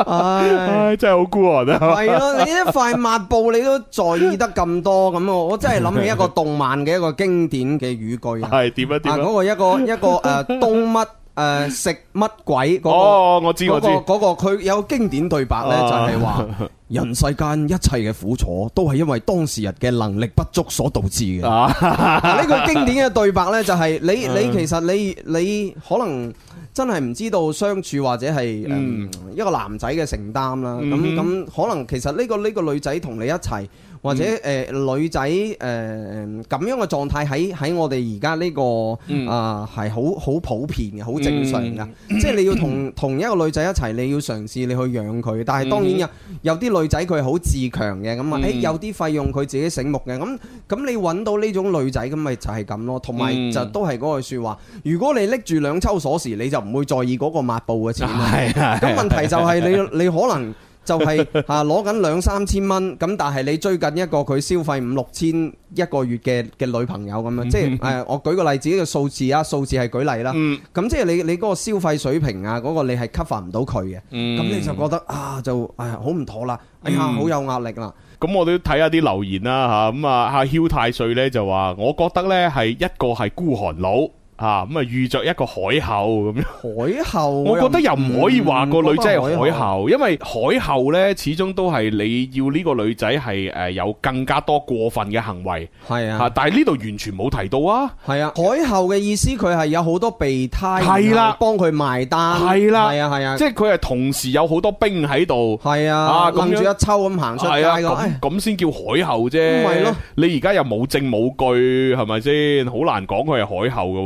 哎、唉，真係好孤寒啊！係咯，你一塊抹布你都在意得咁多咁，我真係諗起一個動漫嘅一個經典嘅語句，係點啊點啊？嗰、那個、個一個一個誒東乜？誒、呃，食乜鬼、那個哦哦？我知我知嗰、那個，佢、那個那個、有個經典對白呢，就係話人世間一切嘅苦楚，都係因為當事人嘅能力不足所導致嘅。呢 個經典嘅對白呢，就係你你其實你你可能真係唔知道相處或者係、嗯嗯嗯、一個男仔嘅承擔啦。咁咁可能其實呢、這個呢、這個女仔同你一齊。或者誒、呃、女仔誒咁樣嘅狀態喺喺我哋而家呢個啊係好好普遍嘅，好正常㗎。嗯、即係你要同 同一個女仔一齊，你要嘗試你去養佢。但係當然有有啲女仔佢好自強嘅咁啊。誒、嗯哎、有啲費用佢自己醒目嘅。咁咁你揾到呢種女仔咁咪就係咁咯。同埋就都係嗰句説話：如果你拎住兩抽鎖匙，你就唔會在意嗰個抹布嘅錢。咁、嗯、 問題就係你你可能。 就係嚇攞緊兩三千蚊，咁但係你追緊一個佢消費五六千一個月嘅嘅女朋友咁樣，即係誒，我舉個例子，呢個數字啊，數字係舉例啦。咁即係你你嗰個消費水平啊，嗰、嗰個你係 cover 唔到佢嘅。咁你就覺得啊，就誒好唔妥啦，好、哎、有壓力啦。咁、嗯嗯、我都睇下啲留言啦嚇，咁啊，阿囂太歲呢就話，我覺得呢係一個係孤寒佬。啊，咁啊遇着一個海后咁樣，海后，我覺得又唔可以話個女仔係海后，因為海后呢，始終都係你要呢個女仔係誒有更加多過分嘅行為，係啊，但係呢度完全冇提到啊，係啊，海后嘅意思佢係有好多備胎，係啦，幫佢埋單，係啦，係啊，係啊，即係佢係同時有好多兵喺度，係啊，啊，掹住一抽咁行出嚟，咁先叫海后啫，你而家又冇證冇據，係咪先？好難講佢係海后嘅。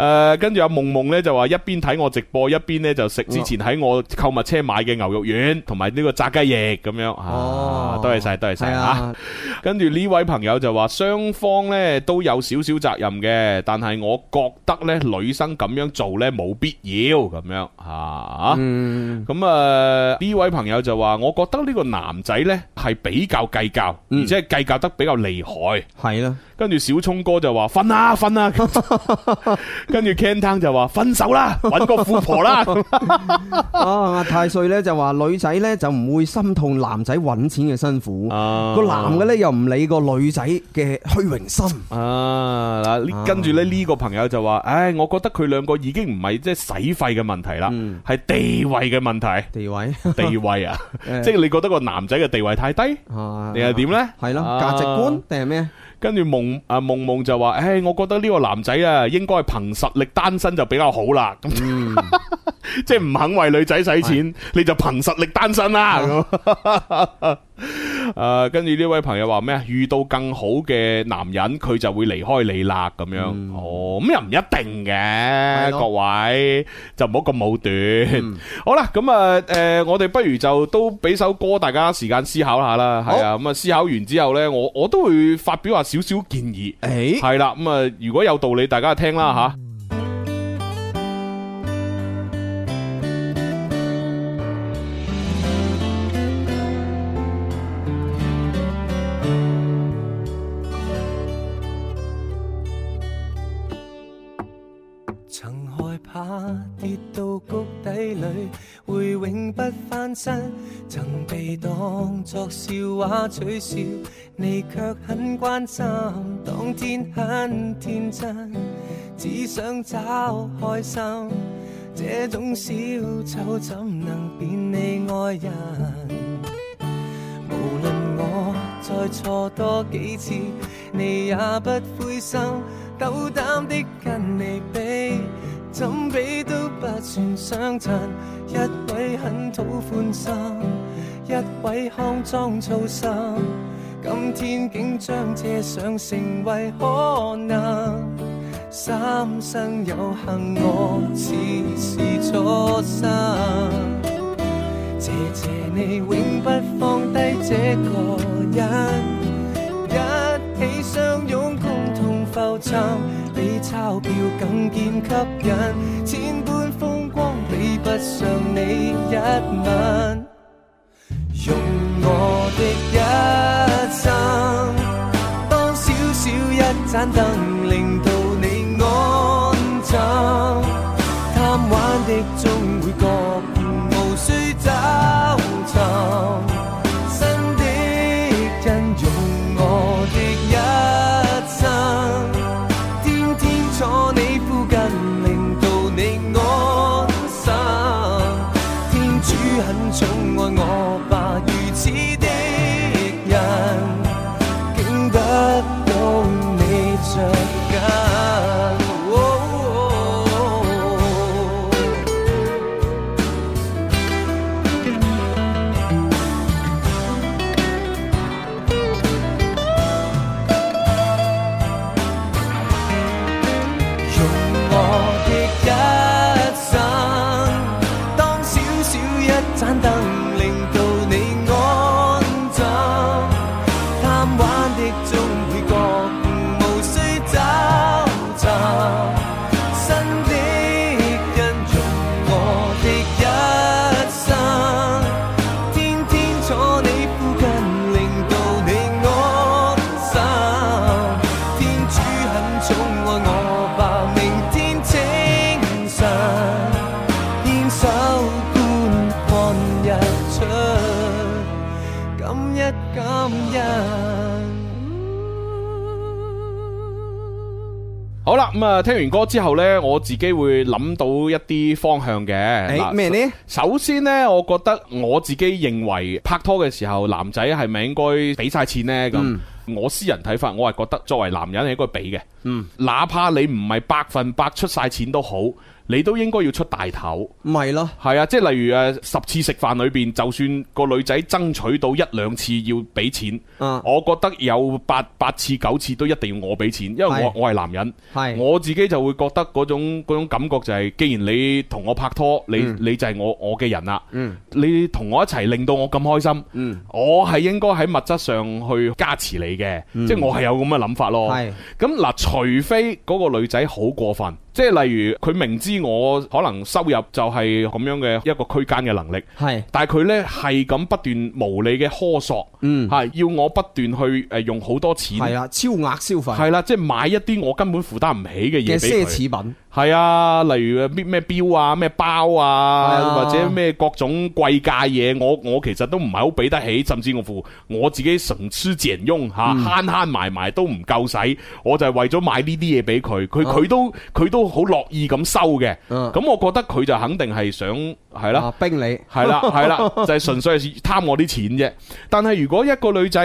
誒，跟住阿夢夢呢就話一邊睇我直播，一邊呢就食之前喺我購物車買嘅牛肉丸，同埋呢個炸雞翼咁樣。啊、哦，多，多謝晒，多謝晒吓。跟住呢位朋友就話雙方呢都有少少責任嘅，但係我覺得呢女生咁樣做呢冇必要咁樣吓，咁誒呢位朋友就話，我覺得呢個男仔呢係比較計較，嗯、而且係計較得比較厲害。係啦的。跟住小聰哥就話瞓啦，瞓啦，啊。 跟住 canteen 就話分手啦，搵個富婆啦。啊，太歲咧就話女仔咧就唔會心痛男仔搵錢嘅辛苦。個男嘅咧又唔理個女仔嘅虛榮心。啊，嗱，跟住咧呢個朋友就話，唉，我覺得佢兩個已經唔係即係使費嘅問題啦，係地位嘅問題。地位？地位啊，即係你覺得個男仔嘅地位太低？你係點咧？係咯，價值觀定係咩？跟住夢啊，夢夢就話，誒、欸，我覺得呢個男仔啊，應該係憑實力單身就比較好啦。咁、嗯，即係唔肯為女仔使錢，是你就憑實力單身啦、啊。嗯 誒，跟住呢位朋友話咩？遇到更好嘅男人，佢就會離開你啦，咁樣。嗯、哦，咁又唔一定嘅，的各位就唔、嗯、 好咁武斷。好啦，咁啊，誒，我哋不如就都俾首歌，大家時間思考下啦。係啊、哦，咁啊，思考完之後呢，我我都會發表下少少建議。誒、欸，係啦，咁啊，如果有道理，大家就聽啦吓。嗯跌到谷底裏會永不翻身，曾被當作笑話取笑，你卻很關心。當天很天真，只想找開心，這種小丑怎能變你愛人？無論我再錯多幾次，你也不灰心，斗膽的跟你比。怎比都不算相襯，一位很討歡心，一位康莊粗心，今天竟將這想成為可能。三生有幸，我似是初生，謝謝你永不放低這個人，一起相擁。浮沉比鈔票更見吸引，千般風光比不上你一吻，用我的一生當小小一盞燈。啊！聽完歌之後呢，我自己會諗到一啲方向嘅。誒、欸，咩呢？首先呢，我覺得我自己認為拍拖嘅時候，男仔係咪應該俾晒錢呢？咁、嗯、我私人睇法，我係覺得作為男人係應該俾嘅。嗯，哪怕你唔係百分百出晒錢都好。你都應該要出大頭，咪咯，係啊，即係例如誒十次食飯裏邊，就算個女仔爭取到一兩次要俾錢，我覺得有八八次九次都一定要我俾錢，因為我我係男人，我自己就會覺得嗰種嗰種感覺就係，既然你同我拍拖，你你就係我我嘅人啦，嗯，你同我一齊令到我咁開心，嗯，我係應該喺物質上去加持你嘅，即係我係有咁嘅諗法咯，係，咁嗱，除非嗰個女仔好過分。即係例如佢明知我可能收入就係咁樣嘅一個區間嘅能力，係是，但係佢呢係咁，不，不斷無理嘅苛索，嗯，係要我不斷去誒用好多錢，係啊，超額消費，係啦，即係買一啲我根本負擔唔起嘅嘢、嘅奢侈品。係啊，例如咩咩表啊，咩包啊，或者咩各種貴價嘢，我我其實都唔係好俾得起，甚至我我自己存私自用吓，慳慳埋埋都唔夠使，我就係為咗買呢啲嘢俾佢，佢佢都佢都好樂意咁收嘅。咁我覺得佢就肯定係想係啦，逼你係啦係啦，就係純粹係貪我啲錢啫。但係如果一個女仔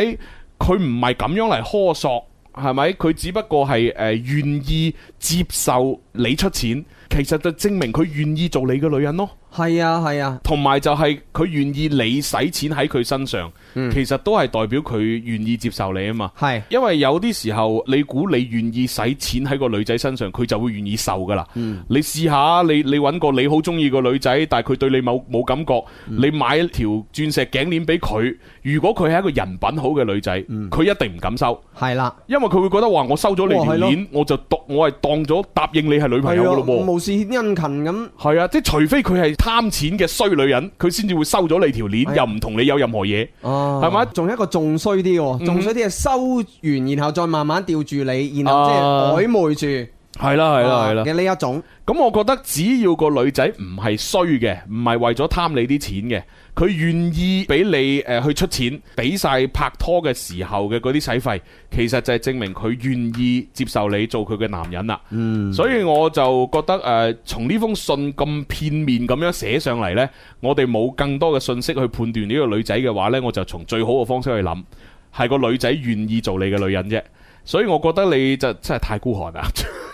佢唔係咁樣嚟苛索。係咪？佢只不過係誒，願意接受你出錢，其實就證明佢願意做你嘅女人咯。係啊，係啊，同埋就係佢願意你使錢喺佢身上，嗯、其實都係代表佢願意接受你啊嘛。係是，因為有啲時候你估你願意使錢喺個女仔身上，佢就會願意受噶啦。嗯、你試下，你你揾個你好中意個女仔，但係佢對你冇冇感覺，嗯、你買條鑽石頸鏈俾佢，如果佢係一個人品好嘅女仔，佢、嗯、一定唔敢收。係啦、啊，因為佢會覺得話我收咗你條鏈、哦，我就當我係當咗答應你係女朋友噶咯喎。無事獻殷勤咁。係啊，即除非佢係。貪錢嘅衰女人，佢先至會收咗你條鏈，的又唔同你有任何嘢，係咪、啊吧？仲有一個仲衰啲，仲衰啲係收完，然後再慢慢吊住你，然後即係曖昧住。啊係啦，係啦，係啦，嘅呢、啊、一種咁，我覺得只要個女仔唔係衰嘅，唔係為咗貪你啲錢嘅，佢願意俾你誒、呃、去出錢，俾晒拍拖嘅時候嘅嗰啲使費，其實就係證明佢願意接受你做佢嘅男人啦。嗯，所以我就覺得誒，從、呃、呢封信咁片面咁樣寫上嚟呢，我哋冇更多嘅信息去判斷呢個女仔嘅話呢，我就從最好嘅方式去諗，係個女仔願意做你嘅女人啫。所以我覺得你就真係太孤寒啦。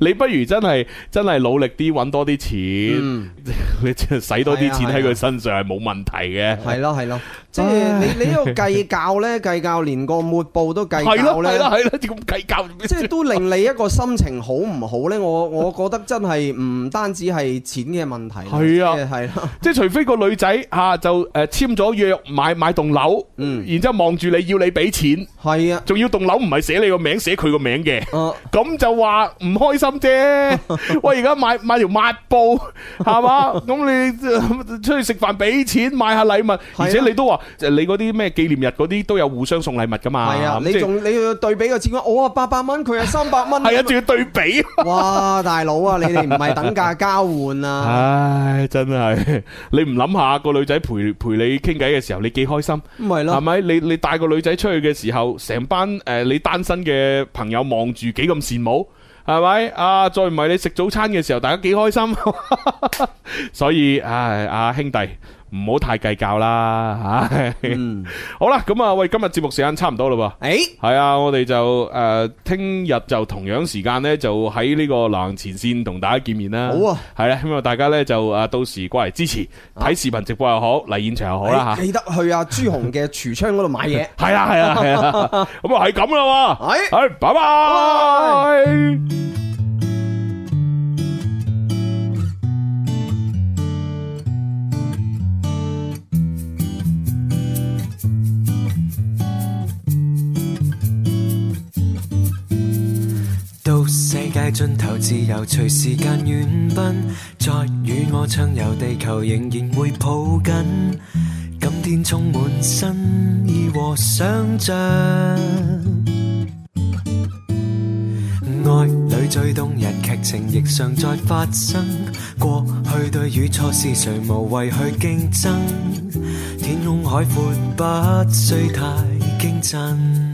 你不如真係真係努力啲，揾多啲錢，你使多啲錢喺佢身上係冇問題嘅。係咯係咯，即係你你呢個計較呢？計較連個抹布都計較咧，係咯係咯係咯，咁計較？即係都令你一個心情好唔好呢？我我覺得真係唔單止係錢嘅問題，係啊係啦，即係除非個女仔吓就誒簽咗約買買棟樓，然之後望住你要你俾錢，係啊，仲要棟樓唔係寫你個名，寫佢個名嘅，哦，咁就話唔。開心啫！喂，而家買買條抹布，係嘛？咁你出去食飯俾錢，買下禮物，啊、而且你都話你嗰啲咩紀念日嗰啲都有互相送禮物噶嘛？係啊！是你仲你要對比個錢我啊，八百蚊，佢係三百蚊，係啊，仲要對比。哇！大佬啊，你哋唔係等價交換啊！唉，真係你唔諗下個女仔陪陪你傾偈嘅時候，你幾開心？咪咯、啊，係咪？你你帶個女仔出去嘅時候，成班誒、呃、你單身嘅朋友望住幾咁羨慕。係咪啊？再唔係你食早餐嘅時候，大家幾開心， 所以唉，阿、啊啊、兄弟。唔、嗯、好太計較啦吓，好啦，咁啊，喂，今日節目時間差唔多咯喎，誒、欸，係啊，我哋就誒，聽、呃、日就同樣時間咧，就喺呢個《狼前線》同大家見面啦，好啊，係啦，希望大家咧就啊，到時過嚟支持，睇視頻直播又好，嚟現場又好啊、欸，記得去阿、啊、朱紅嘅櫥窗嗰度買嘢，係啊係啊係啊，咁啊係咁啦，誒，拜拜。拜拜。街盡頭自由隨時間遠奔，再與我暢遊地球仍然會抱緊。今天充滿心意和想像，愛裏最動人劇情亦常在發生。過去對與錯是誰無謂去競爭，天空海闊不需太驚震。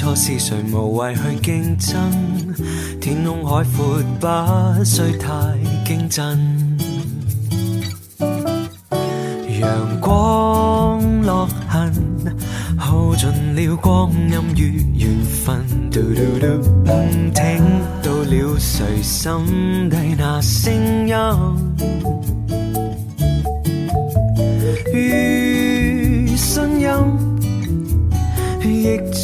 錯是誰無謂去競爭？天空海闊不需太競爭。陽光落痕耗盡了光陰與緣分，嘟嘟嘟，聽到了誰心底那聲音？